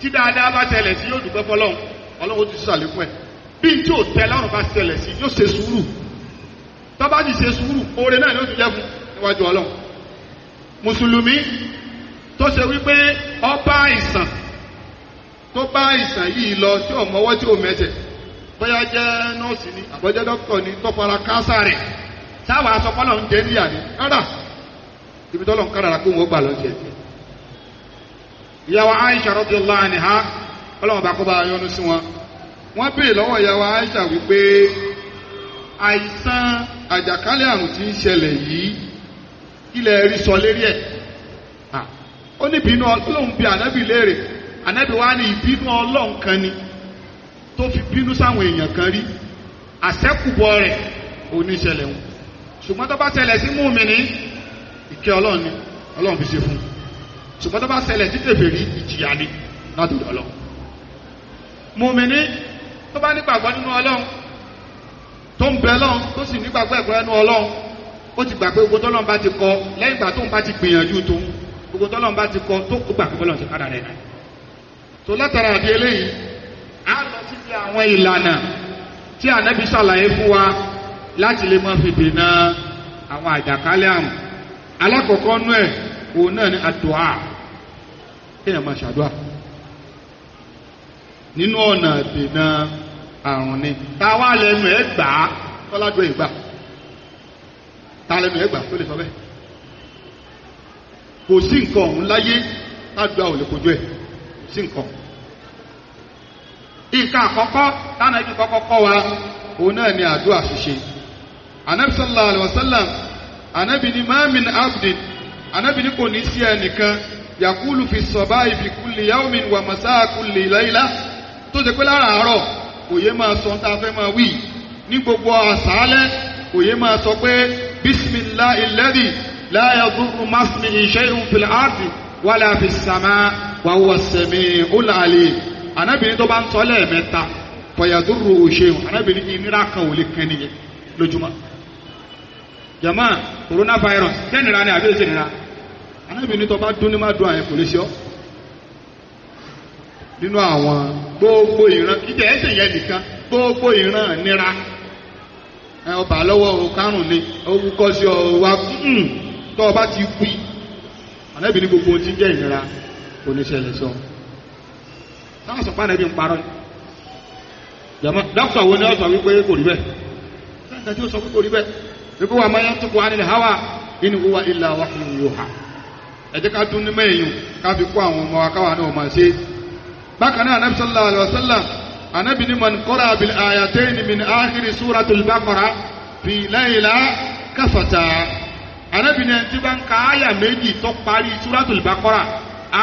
[SPEAKER 2] tí dáadáa bá ṣẹlẹ̀ sí yóò dùgbẹ́ fọlọ́run ọlọ́run ti sàlékún ẹ̀ bí n tí ò tẹ lọ́rùn bá ṣẹlẹ̀ sí yóò ṣe sùúrù tó bá ti ṣe sùúrù oore náà yóò ti jẹ́ fún níwájú ọlọ́run mùsùlùmí tó ṣe wípé ọba àìsàn tó bá àìsàn yìí lọ tí ò mọwọ́ tí ò mẹsẹ̀ bóyá jẹ́ nọ́ọ̀sì ni àbọ̀jẹ́ dókítà ni tó fara káásá rẹ̀ táwọn asọ́pọ́lọ́ ń jẹ́ níyà ni rárá ibi tọ́lọ́ ń kárára kó wọ́n gbà lọ́jẹ́ ìyàwó Aisha radiyallahu anha ọlọ́run bá kó bá yọ́nú sí wọn wọ́n béèrè lọ́wọ́ ìyá Aisha wípé àìsàn àjàkálẹ̀ àrùn tí ń ṣẹlẹ̀ yìí ilẹ̀ rí sọ lérí ẹ̀ ó ní ìbínú ọlọ́run bí ànábì léèrè ànábì wa ní ìbínú ọlọ́run kan ni tó fi bínú sáwọn èèyàn kan rí àṣẹ́kùbọ̀ rẹ̀ oníṣẹ̀lẹ̀ wọn ṣùgbọ́n tó bá ṣẹlẹ̀ sí mùmínì ìkẹ́ ọlọ́run ni ọlọ́run fi ṣe fún un ṣùgbọ́n tó bá ṣẹlẹ̀ sí kèfèrí ìjìyà ni látòdì ọlọ́run mùmíní tó bá nígbàgbọ́ nínú ọlọ́run tó ń bẹ lọ́run tó sì nígbàgbọ́ ẹ̀kọ́ ẹnu ọlọ́run ó ti gbà pé gbogbo tọ́lọ́run bá ti kọ lẹ́yìn ìgbà tó ń bá ti gbìyànjú tó gbogbo tọ́lọ́run bá ti kọ tó gbà pé bọ́lọ́run ti kára rẹ̀ náà tó látara àdé eléyìí á lọ síbi àwọn ìlànà tí ànábi ṣàlàyé fún wa láti lè máa fi dènà àwọn àjàkálẹ̀ àrùn alákọ̀ọ́kọ́ nú ẹ̀ òun náà ni àdúà kéèyàn máa ṣàdúà nínú ọ̀nà ìdènà àrùn ni táwa lẹnu ẹ gbà á tọ́lájọ ìgbà ta lẹnu ẹ gbà tó lè sọ bẹ́ẹ̀ kò sí nǹkan ọ̀hún láyé tájúà ò lè kojú ẹ̀ kò sí nǹkan. nǹkan àkọ́kọ́ táwọn ẹbí kọ́kọ́ kọ́ wa òun náà ni àdúrà ṣíṣe anabi sallallahu alayhi wa abdin anabi kò ní sí ẹnìkan yakulu fi sọba ibi kulli yawmin wa masaa kulli tó ṣe pé lára àárọ̀ kò yé máa sọ tá a fẹ́ máa wí ní gbogbo àṣálẹ́ kò yé máa sọ pé bisimilahi lẹ́dí láyà dúró másìmí iṣẹ́ ìhun fìlà áàtì wàlẹ́ àfi sàmà wàhùwà sẹ̀mí ọ̀làlẹ̀ anábìrin tó bá ń sọ lẹ́ẹ̀mẹ́ta fọyàdúró òṣèlú anábìrin ìnira kan ò lè kẹ́ nìyẹn lójúmọ́ jama coronavirus sẹ́nira ni àbí ìsẹ̀nira anábìrin tó bá dún ní má dún àyẹ̀kọ́ lè ọ́ nínú àwọn gbogbo ìran ìjẹ́ ẹ̀sẹ̀ yẹn nìkan gbogbo ìran nira ọba lọ́wọ́ karùn-ún ni owó kọ́ sí ọwá tọ́ ọba ti wí ànábì ní gbogbo ti jẹ́ ìnira oníṣẹ́lẹ̀ sọ táwọn sọ̀pá ànábì ń parọ́ dókítà wo ni ó sọ wípé kò rí bẹ́ẹ̀ sẹ́ńtà tí ó sọ wípé kò rí bẹ́ẹ̀ wípé wà máa yẹn tó kó wá nílẹ̀ háwà inú wíwá ilà wà fún yóò hà ẹ jẹ́ ká tún ní mẹ́yìn ká fi kó àwọn ọmọ wa káwa náà máa ṣe é bákan náà anabi sallallahu alayhi wa sallam anabi ni man qara'a bil ayatayn min akhiri suratul baqara fi layla kafata anabi ni ẹni tí bá ń ka àyà méjì tó parí suratul baqara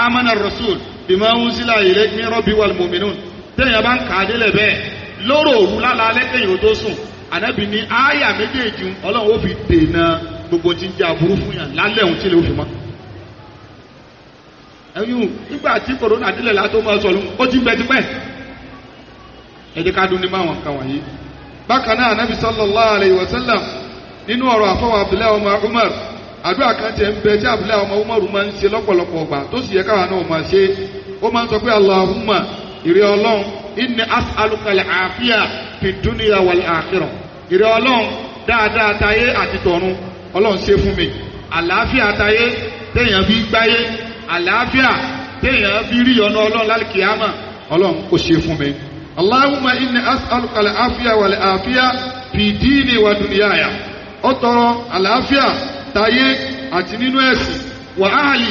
[SPEAKER 2] amana rasul bima unzila ilayhi min rabbi wal mu'minun téèyàn bá ń kà á délẹ̀ bẹ́ẹ̀ lóró òru lálálẹ́ kéèyàn tó sùn ànábì ní àyà méjèèjì ọlọ́run ó fi dènà gbogbo tí ń jẹ́ aburú fún yàn òun tí lè ó fi mọ́ ẹ̀yún nígbà tí kòrónà délẹ̀ látó máa sọ̀rọ̀ ó ti bẹ tipẹ́ ẹ jẹ́ ká dún ní máwọn kan wọ̀nyí. bákan náà anabi sallallahu alayhi wa sallam nínú ọ̀rọ̀ àfọwọ́ abdullahi ọmọ umar àdúrà kan tiẹ̀ ń bẹ tí abdullahi ọmọ umar máa ń ṣe lọ́pọ̀lọpọ̀ ọgbà tó sì yẹ káwa náà máa ṣe ó máa ń sọ pé allahumma ìrẹ ọlọ́run inni as'alukal àfíà fi dúnìyà wal akhirah ìrẹ ọlọ́run dáadáa tayé àti tọ̀run ọlọ́run ṣe fún mi àlàáfíà tayé téèyàn fi gbáyé àlàáfíà téèyàn fi rí ọ̀nà ọlọ́run lálùkìyàmà ọlọ́run kò ṣe fún mi. Allahumma inni as'aluka al-afiya wal afiya fi dini wa dunyaya. Ó tọrọ àlàáfíà tayé àti nínú ẹ̀sìn wa ahli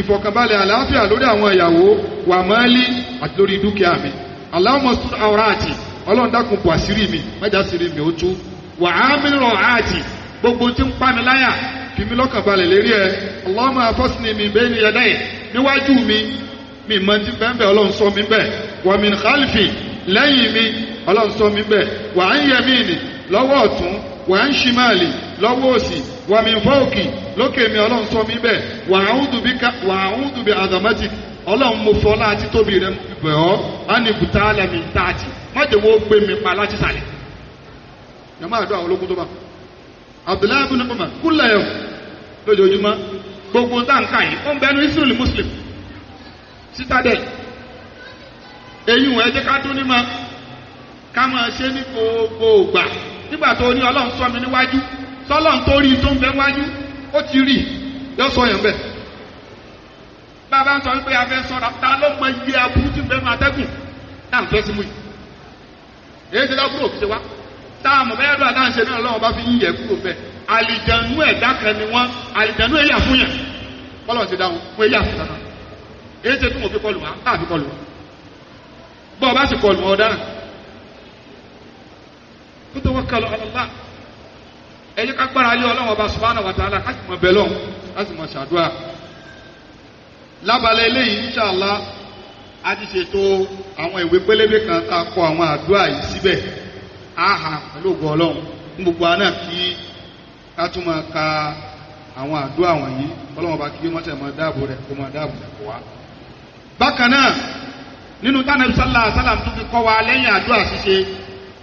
[SPEAKER 2] ìfọ̀kànbalẹ̀ àlàáfíà lórí àwọn ìyàwó wa mali àti lórí dúkìá mi. Allahumma stur awrati ọlọ́run dákun bò àṣírí mi mẹ́jà fi mí lọ́kàn balẹ̀ lérí ẹ Allahumma afọ́sìnì mi bẹ́ẹ̀ ni yẹ̀dá yìí níwájú mi mi mọ ti bẹ́ẹ̀ ọlọ́run sọ mi bẹ́ẹ̀ wa min khalfi lẹ́yìn mi ọlọ́run sọ mi bẹ́ẹ̀ wa an yamini lọ́wọ́ ọ̀tún wa an shimali lọ́wọ́ òsì wa min fawqi lókè mi ọlọ́run sọ mi bẹ́ẹ̀ wa a'udhu bika wa a'udhu bi azamatik ọlọ́run mo fọ́ láti tóbi rẹ bẹ̀ ọ́ á ní bùtá lẹ́mi táàtì mọ́jẹ̀wọ́ gbé mi lójoojúmọ́ gbogbo táǹkà yìí ó ń bẹnu israel muslim citadel eyín wọn ẹ jẹ́ ká tún ní ma ká máa ṣe ní gbogbo ògbà nígbà tó ní ọlọ́run sọ mi níwájú tọ́lọ́run tó rí tó ń bẹ wájú ó ti rí yọ sọ yẹn bẹ́ẹ̀ bàbá ń sọ wípé a fẹ́ sọ́ra ta ló mọ iye aburú tí ń bẹnu atẹ́gùn náà ń fẹ́ sí mú yìí èyí ti dá kúrò kí ṣe wá tá a mọ̀ bẹ́ẹ̀ dùn àdáǹṣe náà lọ́wọ́ bá fi yín yẹ kúrò bẹ́ẹ̀ àlìjẹ̀nú ẹ̀dá kan ni wọ́n àlìjẹ̀nú ẹ̀yà fún yẹn kọ́lọ̀ ti dáhùn fún ẹ̀yà fún kankan èyí ṣe tí mo fi kọlù wá tá a fi kọlù wá bọ́ọ̀ bá sì kọlù wọn dára kó tó wọ́n kálọ̀ ọlọ́lá ẹ jẹ́ ká gbára lé Ọlọ́run Ọba subhanahu wa ta'ala ká sì mọ̀ bẹ́ẹ̀ lọ́hùn ká sì mọ̀ ṣàdúrà lábalẹ̀ eléyìí inṣàlá a ti ṣètò àwọn ìwé pélébé kan tá a kọ àwọn àdúrà yìí síbẹ̀ á hà pẹ̀lú ògo Ọlọ́run fún gbogbo àná kí ká tún máa ka àwọn àdúrà wọ̀nyí ọlọ́wọ́n bá kí bí mọ́tẹ̀ máa dáàbò rẹ̀ kó máa dáàbò rẹ̀ kó wá. bákan náà nínú tánàbí sálà sálàm tún fi kọ́ wa lẹ́yìn àdúrà ṣíṣe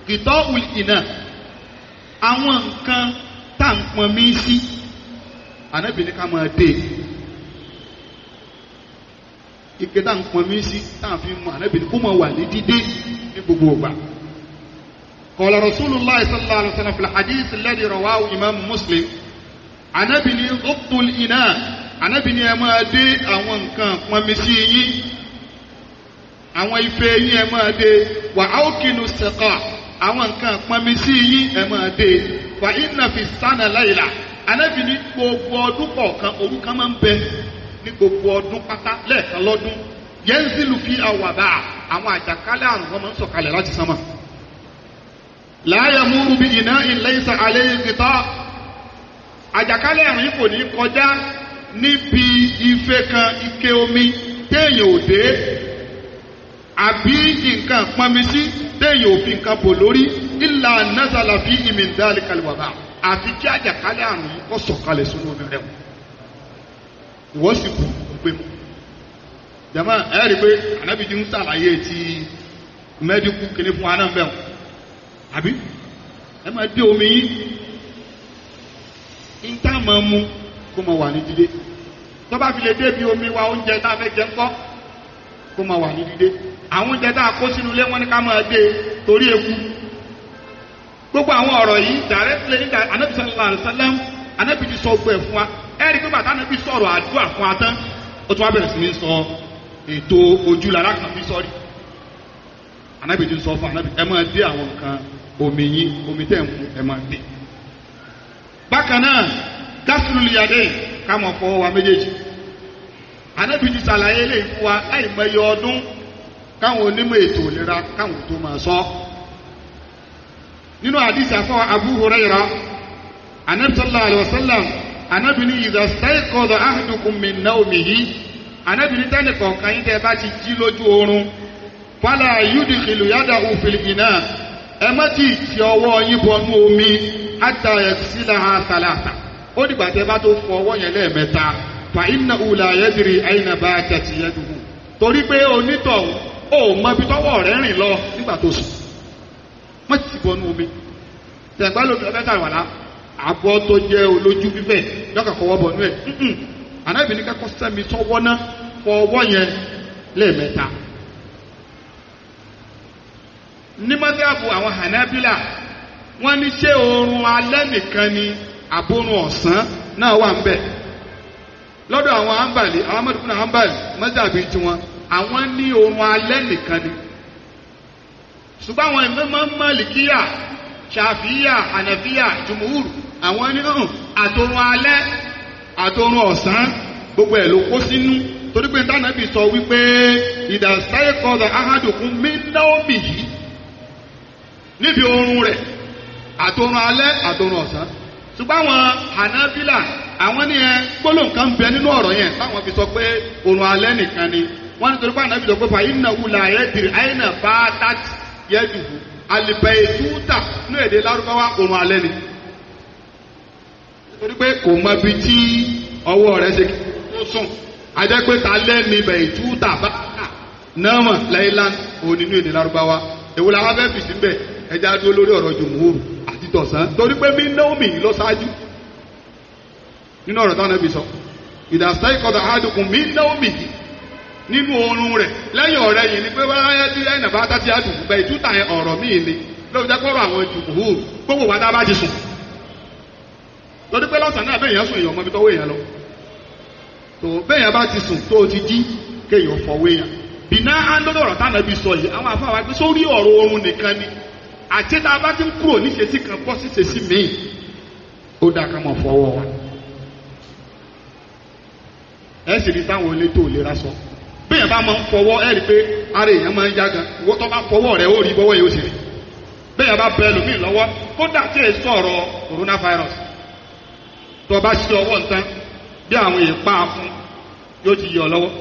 [SPEAKER 2] kìtọ́ ìnà àwọn nǹkan tá à ń pọn mí sí ànábì ní ká máa dé ike tá à ń pọn mí sí tá à ń fi mọ ànábì kó máa wà ní dídé ní gbogbo ìgbà. قال رسول الله صلى الله عليه وسلم في الحديث الذي رواه إمام مسلم أنا بني ضبط الإناء أنا بني أمادي أوان كان ومسيني àwọn ife yín ẹ máa dé wà á ó kinu sẹ̀kọ̀ àwọn nǹkan pọnmi sí yín ẹ máa dé wà ìnà fi sànà láìla anábì ní gbogbo ọdún kọ̀ọ̀kan òru kan máa ń bẹ ní gbogbo ọdún pátá lẹ́ẹ̀kan lọ́dún yẹn ń sílù fi àwàdà àwọn àjàkálẹ̀ àrùn wọn máa ń sọ̀kalẹ̀ láti sánmà la yamuru bi ina'in laysa alayhi qita' àjàkálẹ̀ àrùn kò ní kọjá níbi ife kan ike omi téèyàn ò dé àbí nǹkan pọnmi sí téèyàn ò fi nǹkan bò lórí illa nazala fihi min dhalikal waba àfi kí àjàkálẹ̀ àrùn yìí kó sọ̀kalẹ̀ sínú omi rẹ̀ wọ́n sì kú pé jama ẹ pé anabi ti ń sàlàyé ti mẹ́díkù kìnnìfún anáfẹ́ wọn àbí ẹ máa dé omi yín níta máa mú kó máa wà ní dídé tó bá fi lè débi omi wa oúnjẹ tá a fẹ́ jẹ ńkọ́ kó máa wà ní dídé àwọn oúnjẹ tá a kó sínú ilé wọn ni ká máa dé torí eku gbogbo àwọn ọ̀rọ̀ yìí dàrẹ́tìlẹ̀ nígbà anábì sallallahu alaihi wasallam anábì ti sọ gbogbo ẹ̀ fún wa ẹ̀rí pé bàtà anábì sọ̀rọ̀ àdúrà fún wa tán ó tún wá bẹ̀rẹ̀ sí ní sọ ètò ojú lára kan fi sọ́rí anábì ti sọ fún anábì ẹ máa dé àwọn nǹkan omi yín omi tẹ̀ ń mu ẹ̀ máa dé. bákan náà gásùlù yàdé ká máa wa méjèèjì anábì ti ṣàlàyé lè fún wa láì mọye ọdún káwọn onímọ̀ ètò ìlera káwọn tó máa sọ. nínú àdìsí àfọwọ́ Abu Huraira anábì sallallahu alayhi wa sallam anábì ní idha staiqadha ahadukum min nawmihi anábì ní tẹ́lẹ̀ kọ̀ọ̀kan yín tẹ́ bá ti jí lójú oorun fala yudkhilu yadahu fil ina e má ti ti bọ yín bọnú omi àtà ẹ̀sílẹ̀ hàn sàlàsà ó dìgbà tẹ́ bá tó fọ ọwọ́ yẹn lẹ́ẹ̀mẹ́ta fa iná ula yẹ́dìrì àyìnà bá kẹ̀tì yẹ́dùkú torí pé onítọ̀ ò mọ ibi tọ́wọ́ rìn lọ nígbà tó sùn ti omi tó olójú bọ fọ yẹn ní mọ́tàbù àwọn hanabila wọ́n ní ṣé oorun alẹ́ nìkan ni àbórun ọ̀sán náà wà ń bẹ̀ lọ́dọ̀ àwọn ambali àwọn amadu náà ambali mọ́tàbí tiwọn àwọn ní oorun alẹ́ nìkan ni ṣùgbọ́n àwọn ìmọ̀mọ́ mọ̀lìkíyà ṣàfíyà hànàfíyà jùmùúrù àwọn ní hàn àtòrun alẹ́ àtòrun ọ̀sán gbogbo ẹ̀ ló kó sínú torí pé tánàbì sọ wípé ìdàsáyé kọ́ ọ̀dà ahadùkún mí náà bì níbi oorun rẹ̀ àtòrun alẹ́ àtòrun ọ̀sán ṣùgbọ́n àwọn hanabila àwọn ní ẹ gbólóhùn kan bẹ nínú ọ̀rọ̀ yẹn táwọn fi sọ pé oorun alẹ́ nìkan ni wọ́n ní torí pé ànábì sọ pé fà iná wula ayédèrè àyínà bá tàtì yẹ́dù alìbẹ̀ ètúta ní èdè lárúbáwá oorun alẹ́ ni torí pé kò mọ ibi tí ọwọ́ rẹ̀ ṣe tó sùn ajẹ́ ta lẹ́ni bẹ̀ ètúta bá náà mọ̀ láyé lánàá òun nínú èdè lárúbáwá èwo làwọn fẹ́ fìsí bẹ́ẹ̀. ẹja dúró lórí ọ̀rọ̀ jùmùúrù àti tọ̀sán torí pé mí lọ ṣáájú nínú ọ̀rọ̀ táwọn ẹbí sọ ìdàsá ìkọ̀dà àádùkùn nínú oorun rẹ̀ lẹ́yìn ọ̀rẹ́ yìí ni pé wọ́n ráyẹ́ tí bá tá ti bẹ́ẹ̀ ìtúta ọ̀rọ̀ ni jẹ́ àwọn jùmùúrù gbogbo wa ti sùn torí pé lọ́sàn náà bẹ́ẹ̀ yẹn sùn èèyàn tọ́wọ́ èèyàn lọ àti tá a bá ti ń kúrò níṣesí kan bọ́ sí ṣesí míì ó dáa ká máa fọwọ́ wa ẹ sì rí táwọn elétò ìlera sọ bẹ́ẹ̀ bá máa ń fọwọ́ ẹ rí i pé ara èèyàn máa ń yá gan wọ́n tó bá fọwọ́ rẹ̀ ó rí bọ́wọ́ yóò sì rí bẹ́ẹ̀ bá bẹ ẹlòmíì lọ́wọ́ kódà tí èyí sọ̀rọ̀ coronavirus tó bá ṣe ọwọ́ nǹkan bí àwọn èèyàn pa á fún yóò ti yọ lọ́wọ́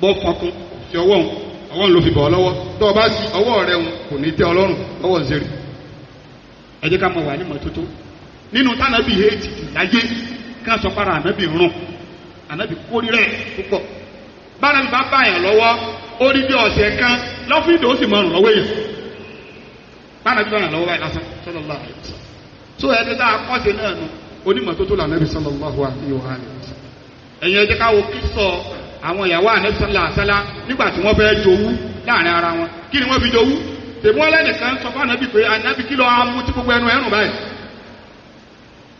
[SPEAKER 2] bọ́ fọkún ti ọwọ́ òun. ọwọ́ ló fi bọ̀ ọ lọ́wọ́ tó o bá sí ọwọ́ rẹ ń kò ní tẹ ọlọ́run ọwọ́ zèrè ẹ jẹ́ ká mọ̀ ní mọ́tótó nínú tánàbì hẹ́ẹ̀tì láyé ká sọ púpọ̀ bára mi bá bá yàn kan lọ́fíìdì ó sì lọ́wọ́ bára mi bá yàn lọ́wọ́ báyìí lásán So náà nu onímọ̀tótó àwọn ìyàwó ànẹ́sọ́lá àsálá nígbà tí wọ́n fẹ́ jowú láàrin ara wọn kí ni wọ́n fi jowú tèmi wọn lẹ́nìkan sọ fún ànábì pé ànábì kí lọ amú tí gbogbo ẹnu ẹrùn báyìí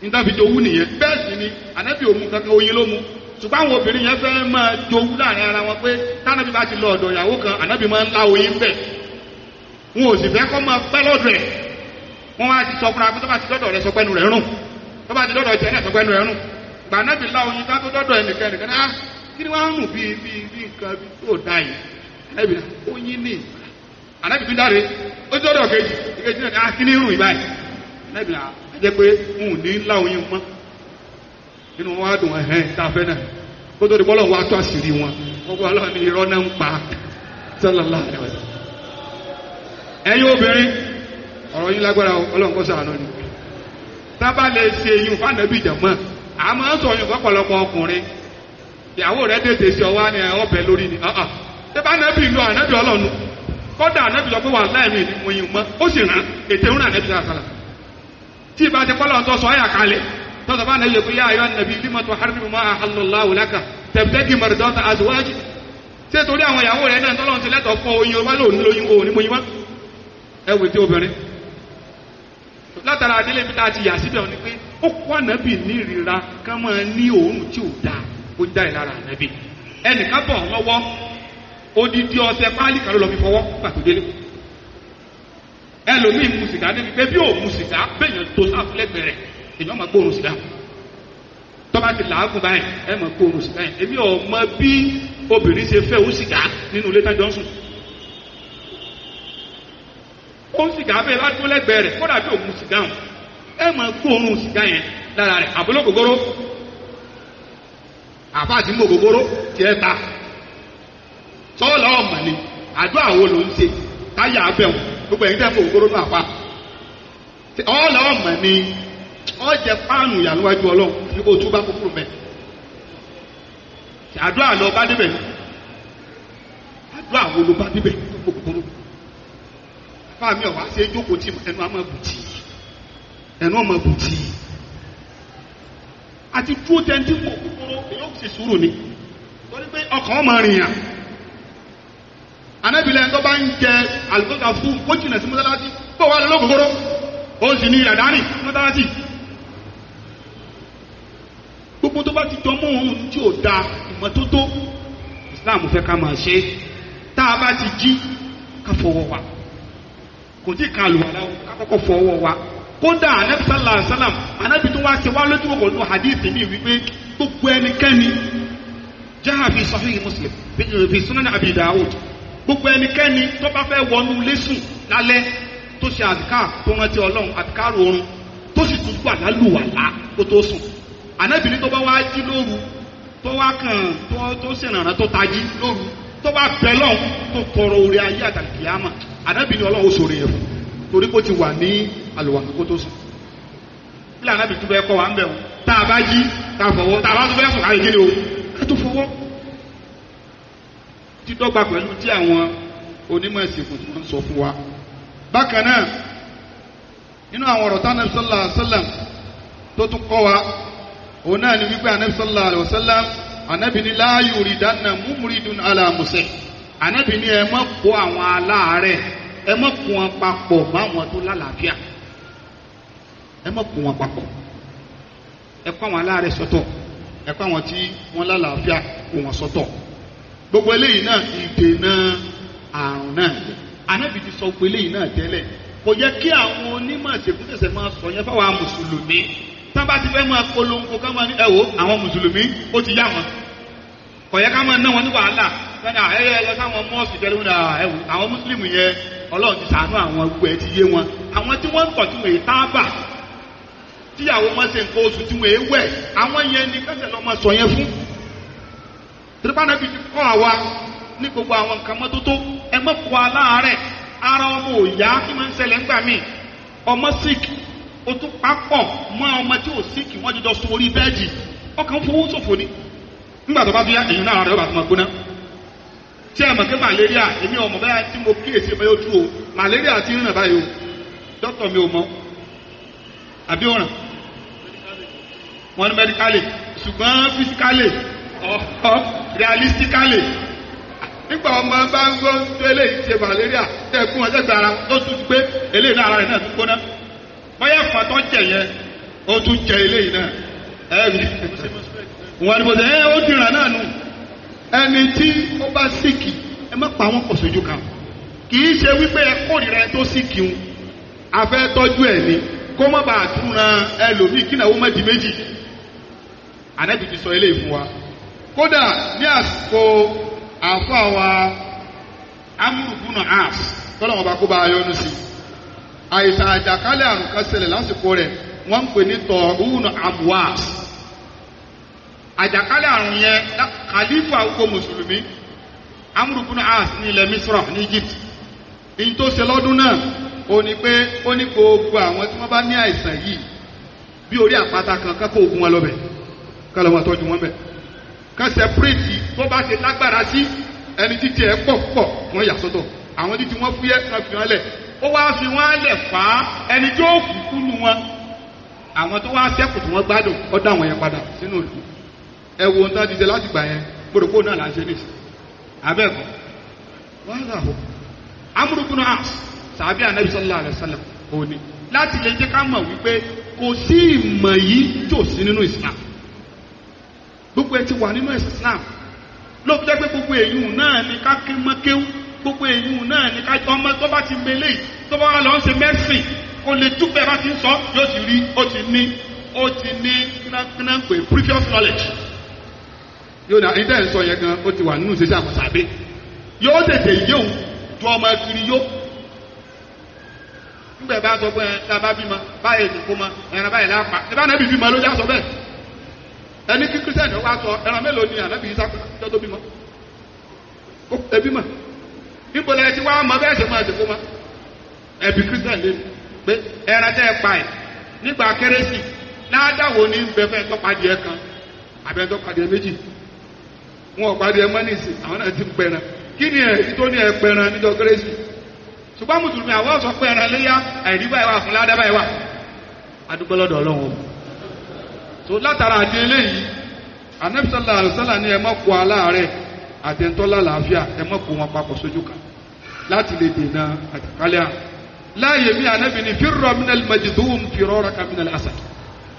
[SPEAKER 2] níta fi jowú nìyẹn bẹ́ẹ̀ sì ni ànábì òmu kankan oyin ló mu ṣùgbọ́n àwọn obìnrin yẹn fẹ́ máa jowú láàrin ara wọn pé tánábì bá ti lọ ọ̀dọ̀ ìyàwó kan ànábì máa ń la oyin bẹ̀ wọn ò sì fẹ́ kọ́ máa pẹ́ lọ́dọ̀ ẹ̀ wọ́n wá ti sọ fún abúlé tó bá ti dọ́dọ̀ rẹ sọpẹ́nu rẹ̀ rùn tó bá ti dọ́dọ̀ tiẹ̀ náà sọpẹ́nu rẹ̀ rùn gbà la oyin tá tó dọ́dọ̀ ẹnìkan ẹnìkan ah, náà kí ni wọ́n bi mú bí bí bí nǹkan bí da yìí anábì náà o yín ní ìgbà tó dáre ó ti náà ní irun ìbáyìí anábì náà á jẹ́ pé n ní mọ́ nínú dùn a fẹ́ náà di bọ́lọ̀ wọn náà ń pa obìnrin yín lágbára ni tábà lè ṣe yín fún ọkùnrin ìyàwó rẹ dèjè sí ọwọ́ ni ọbẹ̀ lórí ni ah, ah. ṣé bá nẹ́bí ìlú ànẹ́bí ọlọ́nu kọ́dà ànẹ́bí lọ pé wà láìmí ni mo yìn mọ́ ó sì rán ètè ń ràn ànẹ́bí àkàlà tí ìbá ti kọ́lọ́ tó sọ ọ́ yà kalẹ̀ tọ́sọ̀ bá nẹ́bí yẹ ayọ́ nàbí lima tó harimu ma ahalọ́láwù lákà tẹ̀bẹ́gì mọ̀rẹ́dọ́ta àtiwájú ṣé torí àwọn ìyàwó rẹ náà tọ́lọ́ ti lẹ́tọ̀ọ́ fọ oyin wá lónìí lóyin òní mo yìn wá ẹwù tí obìnrin látara adélé mi tá ti yà síbẹ̀ wọn ni pé ó kó ànẹ́bí ní ìrira ká máa ní òórùn tí ò dáa kó jáde lára ànábì ẹnìkan bọ̀ wọ́n wọ́ odidi ọṣẹ páálí kan ló lọ fi fọwọ́ pàtó délé ẹlòmíì mu sìgá níbi pé bí ò mu sìgá bẹ́ẹ̀yàn tó sáfúlẹ́gbẹ̀ẹ́ rẹ̀ èèyàn máa gbóòórùn sìgá tọ́ba ti làágùn báyìí ẹ máa gbóòórùn sìgá yẹn èmi ò mọ bí obìnrin ṣe fẹ́ òun sìgá nínú ilé tájọ́ ń sùn òun sìgá bẹ́ẹ̀ ládùúgbò lẹ́gbẹ̀ẹ́ rẹ̀ kódà bí òun mu sìgá hàn ẹ máa gbóòórùn sìgá yẹn lára rẹ̀ àbúlọ̀ gbogbooro àfa àti mú ògógóró tiẹ̀ ta sọ́ọ̀lọ́ ọ̀mà ni àdúrà wo ló ń ṣe táyà abẹ́wò gbogbo ẹ̀yin tẹ́ fún ògógóró náà pa ọ̀ọ́lọ́ ọ̀mà ni ọ̀jẹ̀ páànù ìyàlúwájú ọlọ́run ní kó túbá kúkúrú mẹ́ àdúrà lọ bá débẹ̀ àdúrà wo ló bá débẹ̀ tó fún ògógóró fáàmì ọ̀wá ṣe é jókòó tì ẹnu àmọ́ bùtì ẹnu ọmọ bùtì àti dúró tẹ́ntí pò kúkúrú èyí ó sì sùúrù ni torí pé ọkàn ọmọ rìnyàn anábìlẹ̀ ẹ̀ńtọ́ bá ń jẹ àlùkọ́gà fún kó jìnà sí mọ́sálásí pọ̀ wà lọ́wọ́ kòkòrò ó sì ní ìràdánì mọ́sálásí gbogbo tó bá ti jọ mọ́ ohun tí ò da ìmọ́tótó Islam fẹ́ ká máa ṣe tá a bá ti jí ká fọwọ́ wa kò tí ì kan àlùwàlá ká fọwọ́ wa kódà anabi sallallahu alayhi wa sallam anabi tó wá ṣe wá lójú kòkòrò ní hadith mi wípé gbogbo ẹnikẹ́ni jaha fi sahih muslim fi sunan abi dawud gbogbo ẹnikẹ́ni tó bá fẹ́ wọnú lẹ́sùn lálẹ́ tó ṣe àdìká tó rántí ọlọ́run àdìká rọrùn tó sì tún gbà lálùwàlá kó tó sùn ànábìíní tó bá wá jí lóru tó wá kàn tó ṣèrànràn tó tají lóru tó bá bẹ lọ́hùn tó tọrọ orí ayé àtàkìyàmà ànábìíní ọlọ́run ó ṣòro yẹn torí kó ti wà ní àlùwà kó tó sùn bílà náà bí tó bẹ́ẹ̀ kọ́ wa ń bẹ̀ wọn tá a bá yí tá a fọwọ́ tá a bá tó bẹ́ẹ̀ sùn ká lè kí ni o ká tó fọwọ́ dídọ́gba pẹ̀lú tí àwọn onímọ̀ ìsìnkú tí wọ́n sọ fún wa bákan náà nínú àwọn ọ̀rọ̀ tá anabi sallallahu alayhi tó tún kọ́ wa òun náà ni wípé anabi sallallahu alayhi wa ni láàyò dáná múmúrídùn aláàmùsẹ̀ anabi ni ẹ má kó àwọn aláàárẹ̀ ẹ má kó wọn papọ̀ máwọn tó lálàáfíà ẹ má kó wọn papọ̀ ẹ kó àwọn aláàárẹ̀ sọ́tọ̀ ẹ kó àwọn tí wọ́n lálàáfíà kó wọn sọ́tọ̀ gbogbo eléyìí náà ìdènà àrùn náà anábì ti sọ pé eléyìí náà tẹ́lẹ̀ kò yẹ kí àwọn onímọ̀ ìṣègùn tẹ̀sẹ̀ máa sọ yẹn fáwọn mùsùlùmí tá a bá ti fẹ́ máa polongo ká máa ní ẹ wo àwọn mùsùlùmí ó ti yá wọn kò yẹ ká máa ná wọn ní wàhálà sani àyẹyẹ ẹ lọ sáwọn mọ́ọ̀sì tẹ́lẹ̀ wọn ẹ wò àwọn mùsùlùmí yẹn ọlọ́run ti sàánú àwọn ẹgbẹ́ ti yé wọn àwọn tí wọ́n ń tọ̀ tí tábà tíyàwó wọn ṣe nǹkan oṣù tí wọn èèwẹ̀ àwọn yẹn ni kẹsẹ̀ lọ́mọ sọ yẹn fún tìrìbánà bíi ti kọ́ àwa ní gbogbo àwọn nǹkan mọ́tótó ẹ má kó aláàárẹ̀ ara ọmọ òyá kí máa ń ṣẹlẹ̀ ńgbà míì ọmọ sick o tún papọ̀ mọ́ ọmọ tí ò sick wọ́n jọjọ sun orí bẹ́ẹ̀dì ọkàn fowó ṣòfò ni nígbà tó bá tó yá náà rẹ̀ ó tó máa gbóná tí ẹ mọ̀ pé malaria èmi ọmọ báyà tí mo kíyèsí báyà ó dúró malaria ti rìnà báyìí o dókítà mi ò mọ̀ àbí ọ̀ràn wọ́n ní medically ṣùgbọ́n physically ọ̀họ́ realistically nígbà ọmọ bá ń gbọ́ tó eléyìí ṣe malaria tẹ̀kún ọ̀sẹ̀gbẹ̀ ara tó tún ti pé eléyìí náà ara rẹ̀ náà tún gbóná bóyá fà tó jẹ yẹn ó tún jẹ eléyìí náà ẹ̀rí wọ́n ní mo sẹ́ ẹ́ ó dìran náà nù ẹni tí ó bá síkì ẹ má pa wọn pọ̀ sójú kan kì í ṣe wípé ẹ kórìíra ẹ tó síkì ń afẹ́ tọ́jú ẹ̀ ni kó má bàa túnra ẹlòmíì kí náà ó má di méjì ànábì ti sọ eléyìí fún wa kódà ní àsìkò àfáà wa amúrùbùnà as tọ́lọ́wọ́n bá kó bá yọnu sí àìsàn àjàkálẹ̀ àrùn kan ṣẹlẹ̀ lásìkò rẹ̀ wọ́n ń pè ní tọ̀húnà abuas àjàkálẹ̀ àrùn yẹn kàlífù àwùkọ mùsùlùmí amúrùbùnà as ní ilẹ̀ misra ní egypt ní tó ṣe lọ́dún náà ó ní pé ó ní gbogbo àwọn tí wọ́n bá ní àìsàn yìí bí orí àpáta kan kákó ogun wọn lọ́bẹ̀ẹ́ ká lọ́wọ́ tọ́jú wọn bẹ̀ ká sẹpẹ́rẹ́tì bó bá ṣe lágbára sí ẹni títí ẹ pọ̀ pọ̀ wọ́n yà sọ́tọ̀ àwọn títí wọ́n fúyẹ́ ká fi wọn lẹ̀ ó wá fi wọn lẹ̀ fà á ẹni tó kú kúnu wọn àwọn tó wá sẹ́kù tí wọ́n gbádùn ó dá wọn yẹn padà sínú ìlú ẹ wo ohun tó ti ṣe láti gbà yẹn gbòdògbò náà là ń ṣe nìyí abẹ́ẹ̀kọ́ wọ́n rà ó amúrúkúnú àṣ sàbí ànábì sallallahu alaihi wasallam òní láti lè jẹ́ ká mọ̀ wípé kò sí ìmọ̀ yìí tó sí nínú Islam gbogbo ẹ ti wà nínú ẹ̀sìn Islam ló fi jẹ́ pé gbogbo èyún náà ni ká ké mọ́kéwú gbogbo èyún náà ni ká ọmọ tó bá ti mele tó bá lọ ṣe mẹ́sìn kò lè dúpẹ́ bá ti ń sọ yóò ti rí ó ti ní ó ti ní kínákíná pé previous knowledge yóò náà ìdá ìsọ yẹn gan ó ti wà nínú ìṣesí àkọsàbí yóò tètè yóò ju ọmọ kiri yóò nígbà bá sọ pé ẹ tá bá bímọ báyìí ìsìnkú mọ ẹran báyìí lápá ẹ bá nàbí bímọ ló já sọ bẹ́ẹ̀ ẹni kí kírísítẹ́nì wá sọ ẹran mélòó ni ànábì yìí sáfù jọ́dọ̀ bímọ ẹbí mọ̀ níbo la ti wá mọ bẹ́ẹ̀ ṣe máa ṣèkó mọ́ ẹbí kírísítẹ́nì lé pé ẹran tẹ́ ẹ pa ẹ̀ nígbà kérésì ládàwọ̀ ní bẹ́fẹ́ tọ́padìẹ kan àbẹ́ tọ́padìẹ méjì wọn ò padìẹ mọ́ nísì àwọn náà ti ń kí ni ẹ̀ tó ní ẹ pẹran níjọ́ kérésì ṣùgbọ́n mùsùlùmí àwọn sọ pé ẹran léyà àìrí báyìí wà fún ládàbáyìí wà adúgbò lọ́dọ̀ ọlọ́run o so látara àdé eléyìí anabisala alasala ni ẹ má kó aláàárẹ̀ àtẹ̀ntọ́lá làáfíà ẹ má kó wọn papọ̀ sójú kan láti lè dènà àjàkálẹ̀ láàyè mi anabi ni fírọ̀ minal majdum fírọ̀ raka minal asad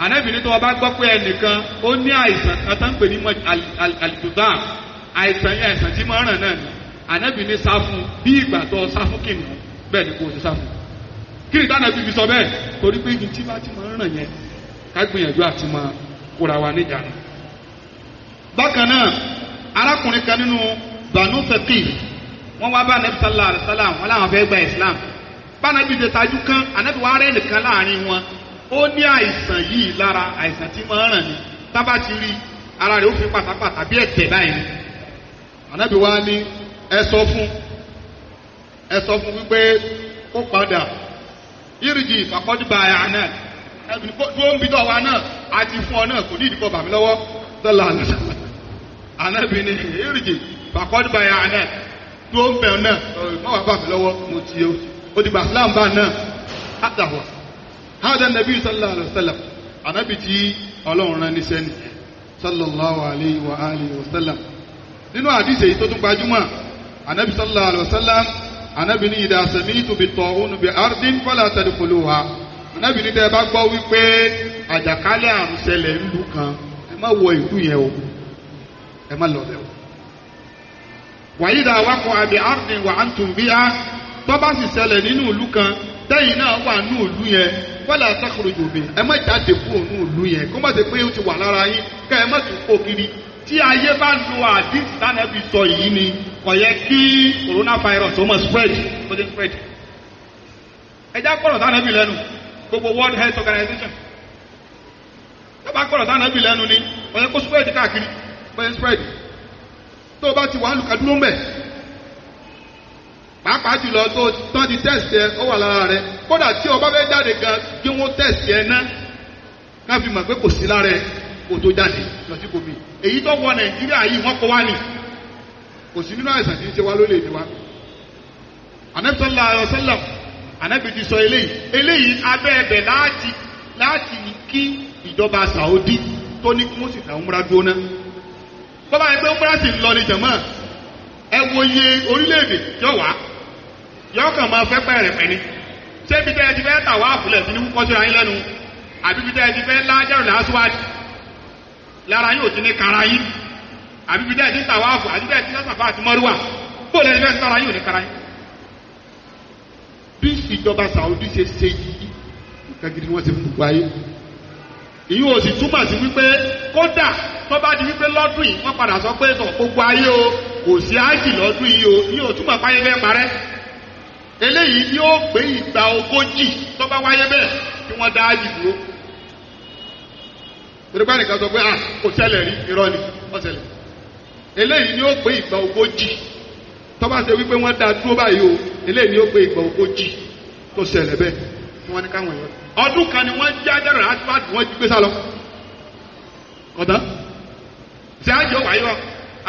[SPEAKER 2] anabi ni tó o bá gbọ́ pé ẹnìkan ó ní àìsàn kata ń pè ní àìsàn yẹn àìsàn tí máa ràn náà ni anabi ni sá fún bí ìgbà tó sá fún kìnìún bẹ́ẹ̀ ni kò ní sá fún kí ni táwọn ẹbí fi sọ bẹ́ẹ̀ torí pé ibi tí bá ti máa ràn yẹn ká gbìyànjú àti mọ kóra wa níjànú. bákan náà arákùnrin kan nínú banu fekir wọn wá bá anabi sallallahu alayhi wa sallam wọn làwọn fẹẹ gba islam bánabi ṣe tajú kan anabi wa rẹ nìkan láàrin wọn ó ní àìsàn yìí lára àìsàn tí máa ràn ní tábà ti rí ara rẹ ó fi pátápátá bí ẹ̀tẹ̀ báyìí ni anabi wa ní ẹ sọ fún ẹ sọ fún wípé ó padà irigi fàkọ́jú ẹ̀ àná ẹ̀bùn kó dúró ń bí dọ̀wà náà àti fún ọ náà kò ní ìdíkọ̀ bàmí lọ́wọ́ dọ́là ànábì ni èrìjì bàkọ́dùbà yà náà dúró ń bẹ̀rù náà mọ́wàá bàmí lọ́wọ́ mo ti o ó ti gbà fúlàm bá náà àtàwọ̀ hádà nàbí sallallahu alayhi wa sallam ànábì tí ọlọ́run rán níṣẹ́ ni sallallahu alayhi wa alayhi wa sallam nínú àdìsẹ́ yìí tó tún gbajúmọ̀ ànábì sallallahu alayhi ànábì ní ìdá anábì ní bẹ́ẹ̀ bá gbọ́ wípé àjàkálẹ̀ àrùn kan ẹ má wọ ìlú yẹn o ẹ má lọ o. wàyí dà wá kọ àbí ardin wà á tún bí tó bá sì nínú ìlú kan tẹ́yìn náà wà yẹn wọ́n ẹ má jáde kúrò yẹn kó má pé ti wà lára yín kẹ́ ẹ má tún kó kiri tí ayé bá spread ó ti spread. ẹ já kọ̀rọ̀ gbogbo world health organization tọ́ba gbọ́dọ̀ táwọn lẹ́nu ni wọ́n yẹ kó spread káàkiri wọ́n yẹ spread tó o bá ti wàá lùkà dúró test yẹ ó wà lára rẹ kódà tí o bá fẹ́ jáde gan test yẹ ná ká fi mọ̀ pé kò sí lára kò tó jáde lọ sí kòmí èyí tó wọ nàìjíríà yìí wọ́n wá nì kò sí nínú àìsàn ànábì ti sọ eléyìí eléyìí abẹ́ẹ̀bẹ̀ láti láti kí ìjọba Saudi tó ní kí wọ́n sì ta umra gbóná bọ́bá yẹn pé umra sì ń lọ ní jẹ̀mọ́ ẹ wo iye orílẹ̀-èdè yọ wá yọ kàn máa fẹ́ pẹ̀rẹ̀ pẹ̀ ni ṣé ibi tẹ́ ẹ ti fẹ́ tà wá àfúlẹ̀ sí ní kúkọ́ síra yín lẹ́nu àbí ibi ẹ ti fẹ́ lájàrò láṣíwájú lára yín ti ní kara yín àbí ibi ẹ ti tà wá àfúlẹ̀ àbí ibi ẹ ti lọ́sàfà àti mọ́rúwà bóòlù ẹ ti fẹ́ tara yín ò ní kara yín bí ìjọba Saudi ṣe ṣe yìí nǹkan gidi wọ́n ti fún gbogbo ayé èyí ò sì túmọ̀ sí wípé kódà tó bá di wípé lọ́dún yìí wọ́n padà sọ pé tọ̀ gbogbo ayé o kò sí ájì lọ́dún yìí o ní òtúmọ̀ páyé fẹ́ parẹ́ eléyìí ni ó gbé ìgbà ogójì tó bá wáyé bẹ́ẹ̀ kí wọ́n dá ájì dúró torípé nìkan sọ pé à ah, kò ṣẹlẹ̀ rí irọ́ ni ó ṣẹlẹ̀ eléyìí ni ó gbé ìgbà ogójì tọ́ba ṣe wípé wọ́n da dúró báyìí o eléyìí ni ó pé ìgbà ogójì tó ṣẹlẹ̀ bẹ́ẹ̀ tí wọ́n ní káwọn èèyàn ọdún kan ni wọ́n já dára asfaw wọ́n jí gbé sá lọ kọ̀tà ṣe àjọ wáyé lọ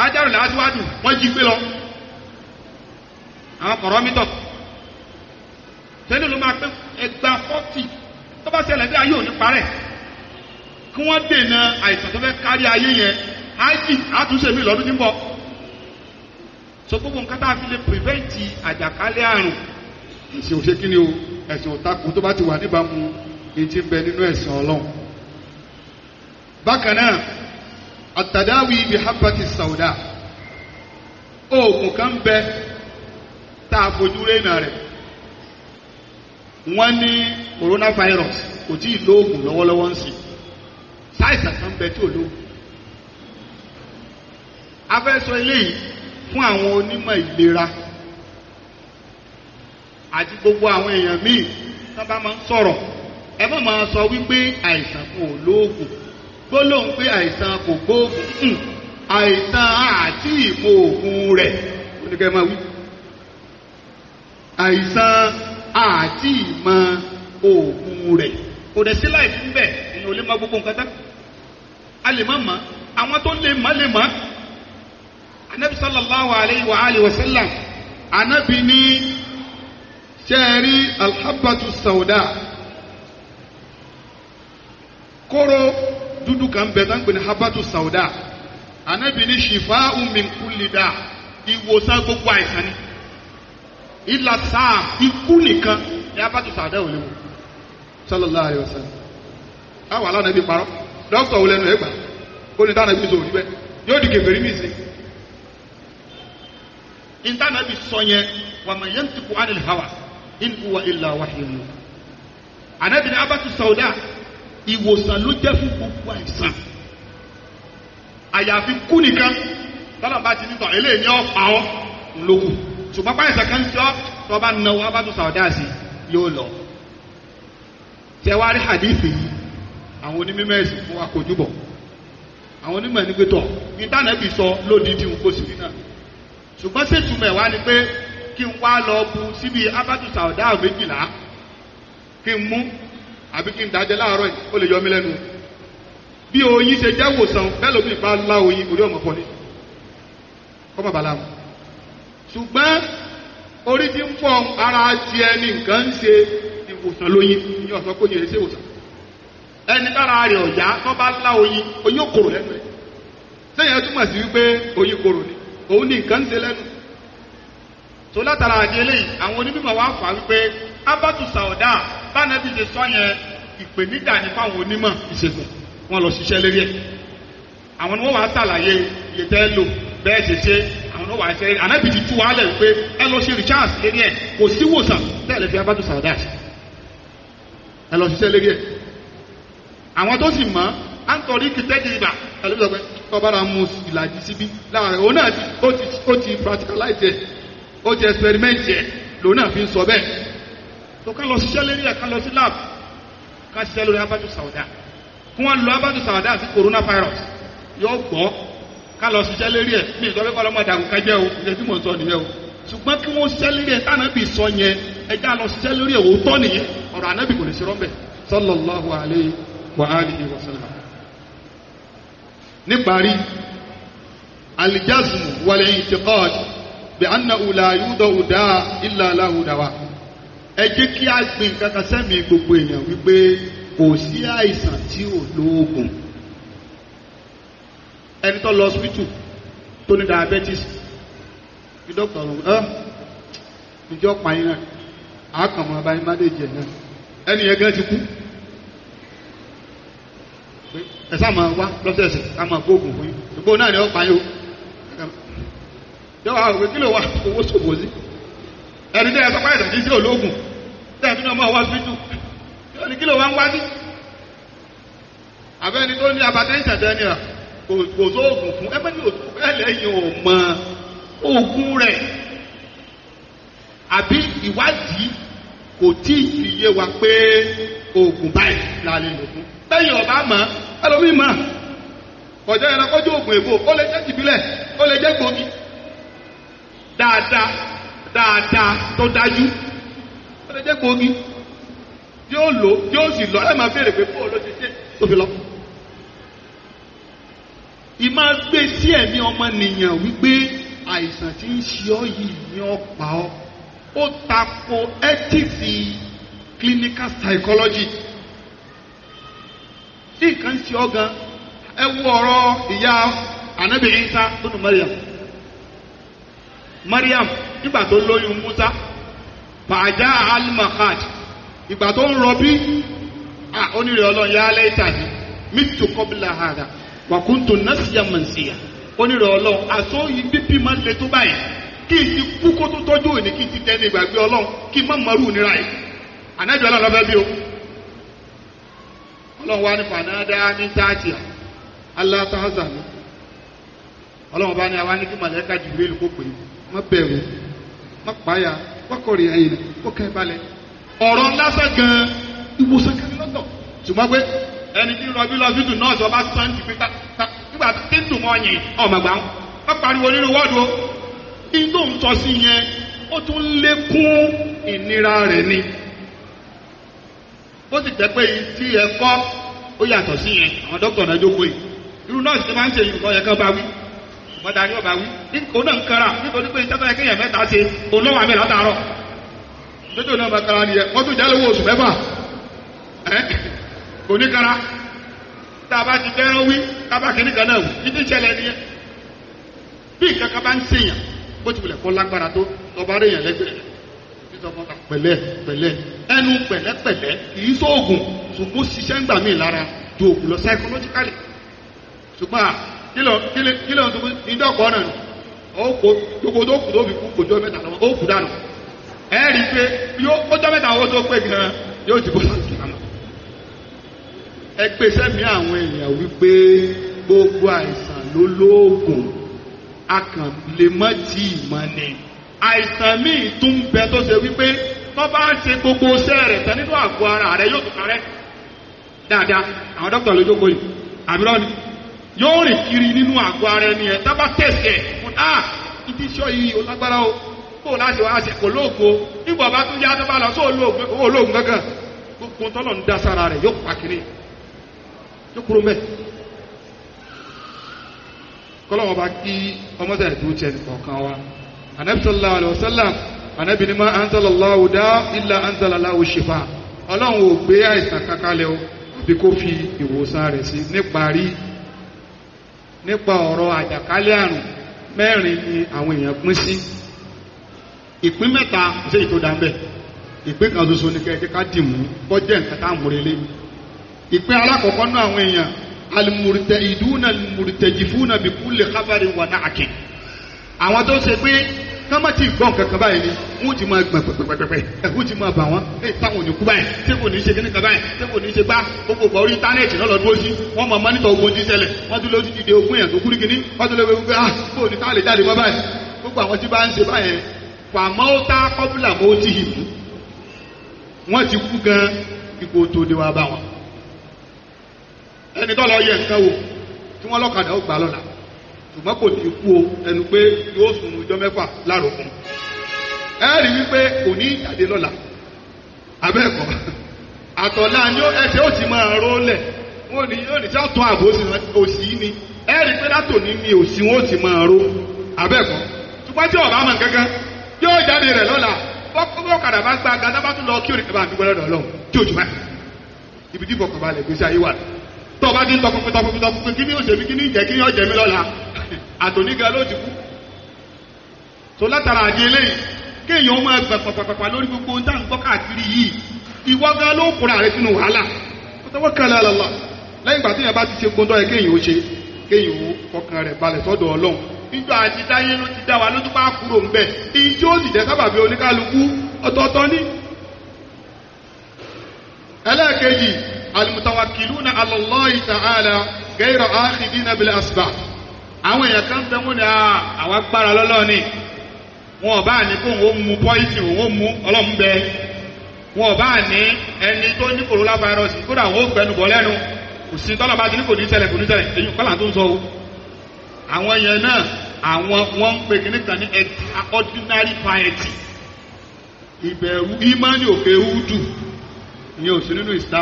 [SPEAKER 2] ajáro lè asfaw wọ́n jí gbé lọ àwọn kọ̀rọ̀ mi tọ̀ tẹ́lẹ̀ ló máa pẹ́ ẹgbàá fọ́tì tọ́ba ṣẹlẹ̀ bí ayé ò ní parẹ́ kí wọ́n dènà àìsàn tó fẹ́ kárí ayé yẹn ájì àtúnṣe mi lọ́dún tí ń so gbogbo nǹkan tá a fi lè prevent àjàkálẹ̀ àrùn ẹ̀sìn òṣè kí ni o ẹ̀sìn òtakùn tó bá ti wà níbàámu ní ti ń bẹ nínú ẹ̀sìn ọlọ́run. bákan náà àtàdáwì ibi habati sauda oògùn kan ń bẹ tá a fojú rénà rẹ̀ wọ́n ní coronavirus kò tí ì lóògùn lọ́wọ́lọ́wọ́ ń sìn ṣáìsàn kan ń bẹ tí ò lóògùn. a fẹ́ sọ eléyìí fún àwọn onímọ̀ ìlera àti gbogbo àwọn èèyàn míì tó bá máa ń sọ̀rọ̀ ẹ má máa sọ wípé àìsàn kò lóògùn gbólóhùn pé àìsàn kò gbóògùn àìsàn àti ìmọ̀ òògùn rẹ̀ oníkẹ́ máa wí àìsàn àti ìmọ̀ òògùn rẹ̀ kò dẹ̀ sí láì fún bẹ́ẹ̀ èèyàn ò lè gbogbo nǹkan tán a lè má mọ̀ àwọn tó lè mọ̀ lè mọ̀ anabi sallallahu alayhi wa alihi wa sallam anabi ní sẹ́ẹ̀rí alhabatu sauda kóró dúdú kan bẹ̀ tán pè ní habatu sauda anabi ní shifa'un min kulli da ìwòsàn gbogbo àìsàn ni ìlà sáà ikú nìkan ní habatu sauda ò léwu sallallahu alayhi wa sallam táwọn aláàbí parọ́ dókítà wo lẹ́nu ẹgbàá ó ní dáná ibi sòrò níbẹ̀ yóò di kẹfẹ́ rí mi sí ìntànàbí sọ yẹn wà mà yẹn tukù ánìl hawa in huwa illa wahyu mu anabi ní abatu sauda ìwòsàn ló jẹ́ fún gbogbo àìsàn àyàfi kú nìkan tọ́lá bá ti nítọ̀ eléyìí ní ọ̀pá ọ́ ńlọ́kù ṣùgbọ́n báyìí sàkán sí ọ́ tó bá náwó abatu sauda sí yóò lọ tẹwárí hadith yìí àwọn onímọ̀ ẹ̀sìn fún akójúbọ̀ àwọn onímọ̀ ẹ̀nìgbẹ́tọ̀ ní tànàbí sọ lódìdí òkòsìrí náà ṣùgbọ́n ṣètùmọ̀ ẹ̀ wá ni pé kí n wá lọ bu síbi abájú sàọ̀dá méjìlá kí n mú àbí kí n dájẹ́ láàárọ̀ yìí ó lè yọ mí lẹ́nu bí oyin ṣe jẹ́ wòsàn bẹ́ẹ̀ lómi ìbá lá oyin orí ọmọ pọ̀ ni kọ́ bàbá láàmú ṣùgbọ́n orí ti ń fọ ara ti ẹni nǹkan ń ṣe ìwòsàn lóyin ìyẹn ọ̀sán kò yẹ ṣe ìwòsàn ẹni tára rẹ̀ ọ̀yá tó bá lá oyin oyin kòrò lẹ́nu rẹ̀ sẹ́yìn ẹ túmọ̀ sí wípé oyin kòrò ni òun ní nǹkan ń ṣe lẹ́nu tó látara àdé eléyìí àwọn onímọ̀ wá fà wípé abatu sàọ̀dà bánẹ́bí ṣe sọ yẹn ìpèníjà ní fáwọn onímọ̀ ìṣègùn wọn lọ ṣiṣẹ́ lérí ẹ̀ àwọn ni wọ́n wá ṣàlàyé iye tẹ́ lò bẹ́ẹ̀ ṣe ṣe àwọn ni wọ́n wá ṣe ànábì ti tú wàhálẹ̀ wípé ẹ lọ ṣe recharge lérí ẹ̀ kò síwòsàn tẹ́lẹ̀ fi abatu sàọ̀dà ṣe ẹ lọ ṣiṣẹ́ lérí ẹ̀ àwọn tó sì mọ̀ á ń ibà ẹ lọ tọ́bára mu ìlàjì síbí láàrin òun náà ó ti practicalize ẹ̀ ó ti experiment ẹ̀ lòun náà fi ń sọ bẹ́ẹ̀ tó ká lọ ṣiṣẹ́ lérí ẹ̀ ká lọ sí lab ká ṣiṣẹ́ lórí abájú sàwọ́dà kí wọ́n lo abájú sàwọ́dà sí coronavirus yóò gbọ́ ká lọ ṣiṣẹ́ lérí ẹ̀ mi ìsọ pé kọ́ lọ́mọ ìdàgùn kẹjẹ o ìṣe tí mò ń sọ nìyẹn o ṣùgbọ́n kí wọ́n ṣiṣẹ́ lérí ẹ̀ táwọn ẹbí sọ yẹn ẹja lọ ṣiṣẹ́ lérí ẹ̀ òótọ́ nìyẹn ọ̀rọ̀ ànábì kò lè ṣe rọ́ńbẹ̀ sallallahu alayhi wa alihi níparí alijazmu wàlẹ̀ ìtìkọ́d bí anna ula yúdọ̀ ọ̀dà ilà aláhùdáwà ẹ jẹ́ kí a gbìn kankan sẹ́mi gbogbo èèyàn wípé kò sí àìsàn tí ò lóògùn ẹni tó lọ hospital tó ní diabetes ní dókítà ọ̀run ẹ́ ìjọ pààyàn àkànmọ́ abáyé má lè jẹ náà ẹni yẹn ti kú ẹ sá máa wá lọ́sẹ̀ẹ̀sì ká máa gbóògùn fún yín ìgbó náà ni ó pa yín o yóò wá òwe kí ló wá owó ṣòfò sí ẹni tẹ́ ẹ sọ pé ẹ̀sẹ̀ kìí sí ológun tẹ́ ẹ tún náà máa wá síbítù yóò ní kí ló wá ń wá sí. àbẹ́ni tó ní abatẹ́ńsẹ̀ tẹ́ni à kò sóògùn fún ẹgbẹ́ ní òtún bẹ́ẹ̀ lẹ́yìn ò mọ òògùn rẹ̀ àbí ìwádìí kò tí ì fi yé wa pé òògùn báyìí la lè lò fún bẹ́yìn ọ̀bá mọ̀ ẹlòmíì mọ̀ ọ̀jọ́ yẹn lọ́kọ́jú ògùn èbó ó lè jẹ́ tìbílẹ̀ ó lè jẹ́ gbòógì dáadáa dáadáa tó dájú ó lè jẹ́ gbòógì yóò lò yóò sì lọ ẹ máa béèrè pé bóòlù ti dé tó fi lọ. ìmọ̀ gbé sí ẹ̀mí ọmọnìyàn wípé àìsàn tí ń ṣe ọ́ yìí ni ó pa ọ́ ó tako ẹ́tíìsì clinical psychology. tí nǹkan ṣe ọgan. ọrọ ya ìyá mariam mariam nígbà tó lóyún musa fàájà alimakad ìgbà tó ń rọbí A onírè ọlọ́run yà á lẹ́yìn tàbí mítú kọ́bílà hàdà wàkúntù násìyà mọ̀nsìyà onírè ọlọ́run àtọ́ yìí bíbí máa ń le tó báyìí kí n ti kú kó tó tọ́jú òní kí n ti tẹ́ ní ìgbàgbé kí n má nira ọlọ́run wá ní fànádà ní táàtìá aláàtàhàzà ọlọ́run bá ní àwa ní kí màlẹ́kà jùlọ kó pè é má bẹ̀rù má pààyà má kọ̀rì ẹ̀yìn balẹ̀ ọ̀rọ̀ lásán gan ìwòsàn kan lọ́tọ̀ pé ẹni tí dùn náà sọ bá sàn ta nígbà tí ń bó ti jẹ́ pé yìí tí ẹ kọ́ ó yàtọ̀ sí yẹn àwọn dókítà náà jókòó yìí irú nọ́ọ̀sì tó máa ń ṣe yìí nǹkan yẹn kan bá wí nǹkan darí ọba wí òun náà ń kara nítorí pé ìtọ́ta yẹn kéèyàn mẹ́ta ṣe òun lọ́wọ́ àmì látàárọ̀ nítorí náà máa kara nìyẹn wọ́n tún jẹ́ lówó oṣù mẹ́fà kò ní kara tá a bá ti fẹ́ràn wí tá a bá kiri kan náà wù ní ti ṣẹlẹ̀ nìyẹn bí nǹkan kan bá ń ṣèyàn bó ti wulẹ̀ kọ́ lágbára tó tọba rẹ̀ yẹn lẹ́gbẹ̀ẹ́ ẹnu pẹ̀lẹ́pẹ̀lẹ́ kì í sóògùn ṣùgbọ́n ṣiṣẹ́ ń gbà mí lára ju òògùn lọ psychologically ṣùgbọ́n kílọ̀ kílọ̀ kílọ̀ tó ìdọ́kọ̀ náà ọkọ̀ gbogbo tó kù tó fi kú kò jọ mẹ́ta lọ́wọ́ ó kù dànù ẹ rí i pé yóò ó jọ mẹ́ta owó tó pé gan yóò ti bọ́ láti kàmá ẹ pé sẹ́mi àwọn èèyàn wípé gbogbo àìsàn ló lóògùn a kàn lè mọ́ tí ì mọ́ ni àìsàn míì tún bẹ tó ṣe wípé tó bá ń ṣe gbogbo iṣẹ́ rẹ̀ tán nínú àgọ́ ara rẹ̀ yóò tún parẹ́ dáadáa àwọn dókítà lójó kò yìí àbúrò ni yóò rìn kiri nínú àgọ́ ara ẹni ẹ̀ tá bá tẹ̀sí ẹ̀ fún a ah, ibi iṣọ́ yìí ó lágbára o kó láti wá ṣe kò lóògbó nígbà bá tún yá tó bá lọ sí olóògùn kankan gbogbo tọ́lọ̀ ń dá sára rẹ̀ yóò pa kiri yóò kúrò mẹ́ kọ́lọ́wọ́n bá kí ọmọdé ẹ̀dùn tiẹ̀ nìkan kan wa anabi sallallahu alayhi wa sallam ànábì ní ma anzalallahu da illa anzalallahu shifa ọlọ́run ò gbé àìsàn kankalẹ̀ o àbí kó fi ìwòsàn rẹ̀ sí níparí nípa ọ̀rọ̀ àjàkálẹ̀ àrùn mẹ́rin ni àwọn èèyàn pín sí ìpín mẹ́ta ṣe èyí tó dá mbẹ́ ìpín kan ṣoṣo ní kẹ́kẹ́ ká dì mú kọ́ jẹ́ nǹkan tá à ń múrelé ìpín alákọ̀ọ́kọ́ náà àwọn èèyàn alimurutẹ ìdúnà alimurutẹ jìfúnà bíkúlẹ̀ kábàrí wà náà kì àwọn tó ṣe pé tán bá ti gbọ́ nǹkan kan báyìí ni wọ́n ti máa gbọ̀n pẹ̀pẹ̀pẹ̀pẹ̀ ẹ̀hún ti máa bà wọ́n ẹ̀ táwọn òyìnbó báyìí tí kò ní ṣe kíní kan báyìí tí kò ní ṣe bá gbogbo ọ̀pọ̀ orí íńtánẹ́ẹ̀tì náà lọ́dún oṣù wọ́n máa mọ́nítọ̀ ogun ti ṣẹlẹ̀ wọ́n tún lójú dìde ogún yẹn tó kúrú kíní wọ́n tún lójú pé ah kò ní táà lè jáde mọ́ báyìí gbogbo àwọn tí bá ń ṣe báyẹn fàmọ́ ó tá kọ́bùlà mọ́ ó ti hì mú wọ́n ti kú ṣùgbọ́n kò tí kú o ẹnu pé yóò sùn ọjọ́ mẹ́fà láròkun ẹ rí wípé kò ní ìjáde lọ́la abẹ́ẹ̀kọ́ àtọ̀lá ni ẹsẹ̀ ó ti máa rólẹ̀ wọn ò ní yóò ní sá tún òsì ni ẹ rí pé látò ní mi òsì wọn ó ti máa ró abẹ́ẹ̀kọ́ ṣùgbọ́n tí ọ̀bá mọ̀ kankan yóò jáde rẹ̀ lọ́la bọ́kọ̀dà bá gba gàdá bá tún lọ kí òrìkà bá mi gbọ́dọ̀ lọ́wọ́ tí ò jù báyìí ibi tí ìfọkànbalẹ̀ gbèsè ayé wà àtòníga ló ti kú tó látara àdé eléyìí kéèyàn máa pàpàpàpà lórí gbogbo ń dáhùn gbọ́ káàkiri yìí ìwọ gan ló kúra rẹ sínú wàhálà tawakkal ala Allah lẹ́yìn ìgbà tí yẹn bá ti ṣe gbọ́ndọ́ yẹ kéèyàn ó ṣe kéèyàn ó kọkàn rẹ̀ balẹ̀ sọ́dọ̀ ọlọ́run ìjọ àti táyé ló ti dá wa lójú bá kúrò ń bẹ̀ ìjọ ó sì jẹ́ sábàbí oníkálukú ọ̀tọ̀ọ̀tọ̀ ní. ẹlẹ́ẹ̀kejì al-mutawakkiluna ala Allah ta'ala ghayra akhidina àwọn èèyàn kan bẹ wọn ni ah, àwọn agbára lọ́lọ́ ni wọn ò bá ní kó òun ó mu pọ́ìsì òun ó mu ọlọ́run bẹ wọn ò bá ní ẹni tó ní kòrólá fáírọ́ọ̀sì kódà òun ó gbẹnu bọ̀ lẹ́nu kò sí tọ́lọ̀ bá ti ní kò ní ṣẹlẹ̀ kò ní ṣẹlẹ̀ èyí kọ́là tó ń sọ o àwọn èèyàn náà àwọn wọn ń pè kíní kan ní ẹtì ordinary piety ìbẹ̀rù ìmánì òkè údù ìyẹn ò sí nínú ìsìlá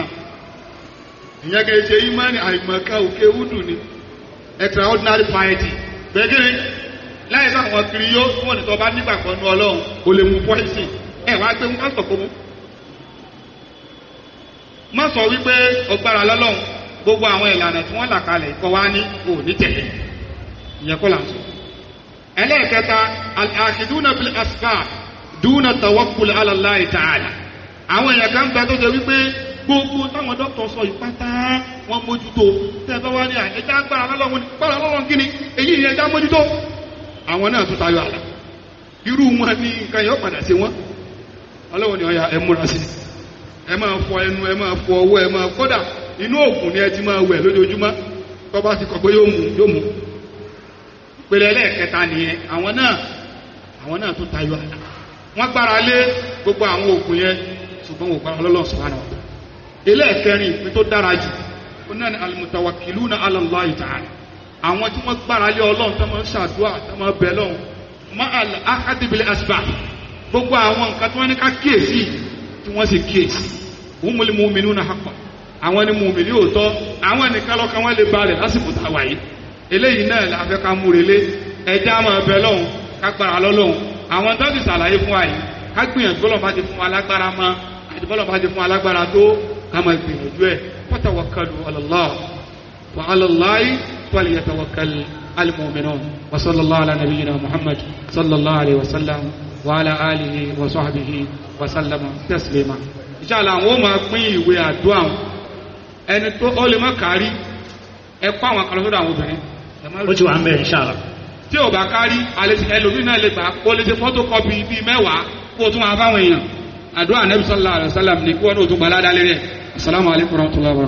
[SPEAKER 2] ìyẹn kì í ṣe ìmánì àìmọ̀ká òkè údù ni extraordinary piety bẹ́gìrì láyé sáà wọn kiri yó wọn ní tó bá nígbàgbọ́ nu ọlọ́run kò lè mú pọ́ìsì ẹ wá gbé wọn sọ̀kọ́ mú. má sọ wípé ọgbára lọ́lọ́run gbogbo àwọn ìlànà tí wọ́n là kalẹ̀ kọ́ wá ní kò ní tẹ̀lé ìyẹn kọ́ là ń sọ. ẹlẹ́ẹ̀kẹta àkìdúnà bíi asfar dúnà tawakkul ala Allah àwọn èèyàn kan gba wípé gbogbo táwọn dọ́kítọ̀ sọ yìí pátá wọn mójútó tẹ́ẹ̀bá wá ní ẹja agbára lọ́wọ́ gbára lọ́wọ́ kí ni èyí ni ẹja mójútó àwọn náà tún tayọ àlà irú wọn ní nǹkan yẹn padà sí wọn ni ẹ múra sí ẹ máa fọ ẹnu ẹ máa fọ ọwọ́ ẹ máa inú òògùn ni ẹ ti máa wẹ̀ lójoojúmọ́ tó bá ti kọ pé yóò mú yóò mú nìyẹn àwọn gbogbo àwọn òògùn yẹn ẹlẹ́ẹ̀kẹrin ìpín tó dára jù ó náà ní almutawakiluna ala Allahi ta'ala àwọn tí wọ́n gbára lé ọlọ́run tó máa ń ṣàdúrà tó máa bẹ̀ lọ́hùn ma'al ahadi bil asbab gbogbo àwọn nǹkan tí wọ́n ní ká kíyèsí tí wọ́n sì kíyèsí humul mu'minuna haqqan àwọn ni mùmìnì òótọ́ àwọn nìkan lọ́kàn wọn lè balẹ̀ lásìkò tá a wà yìí eléyìí náà la fẹ́ ká múrelé ẹja máa bẹ lọ́hùn ká gbára àwọn tó ti ṣàlàyé fún wa yìí ká bá ti fún wa lágbára mọ́ bá ti fún wa tó ká máa gbìyànjú ẹ̀ watawakkalu ala Allah wa ala Allahi falyatawakkal al-mu'minun wa sallallahu ala nabiyyina Muhammad sallallahu alayhi wa sallam wa ala alihi wa sahbihi wa sallama taslima. inshallah àwọn ó máa pín ìwé àdúrà ẹni tó ó lè má kárí ẹ kó àwọn kan lọ́dọ̀ àwọn obìnrin.
[SPEAKER 1] ó ti wà ń bẹ̀ inshallah.
[SPEAKER 2] tí ò bá kárí ẹlòmíì náà lè gbà ó lè ṣe photocopy
[SPEAKER 1] bíi mẹ́wàá kó o tún máa fáwọn èèyàn àdúrà Nabi sallallahu alayhi wa ni kí wọ́n ní òtún gbà ládàá lérí ẹ̀. Assalamu alaikum warahmatullahi wabarakatuh.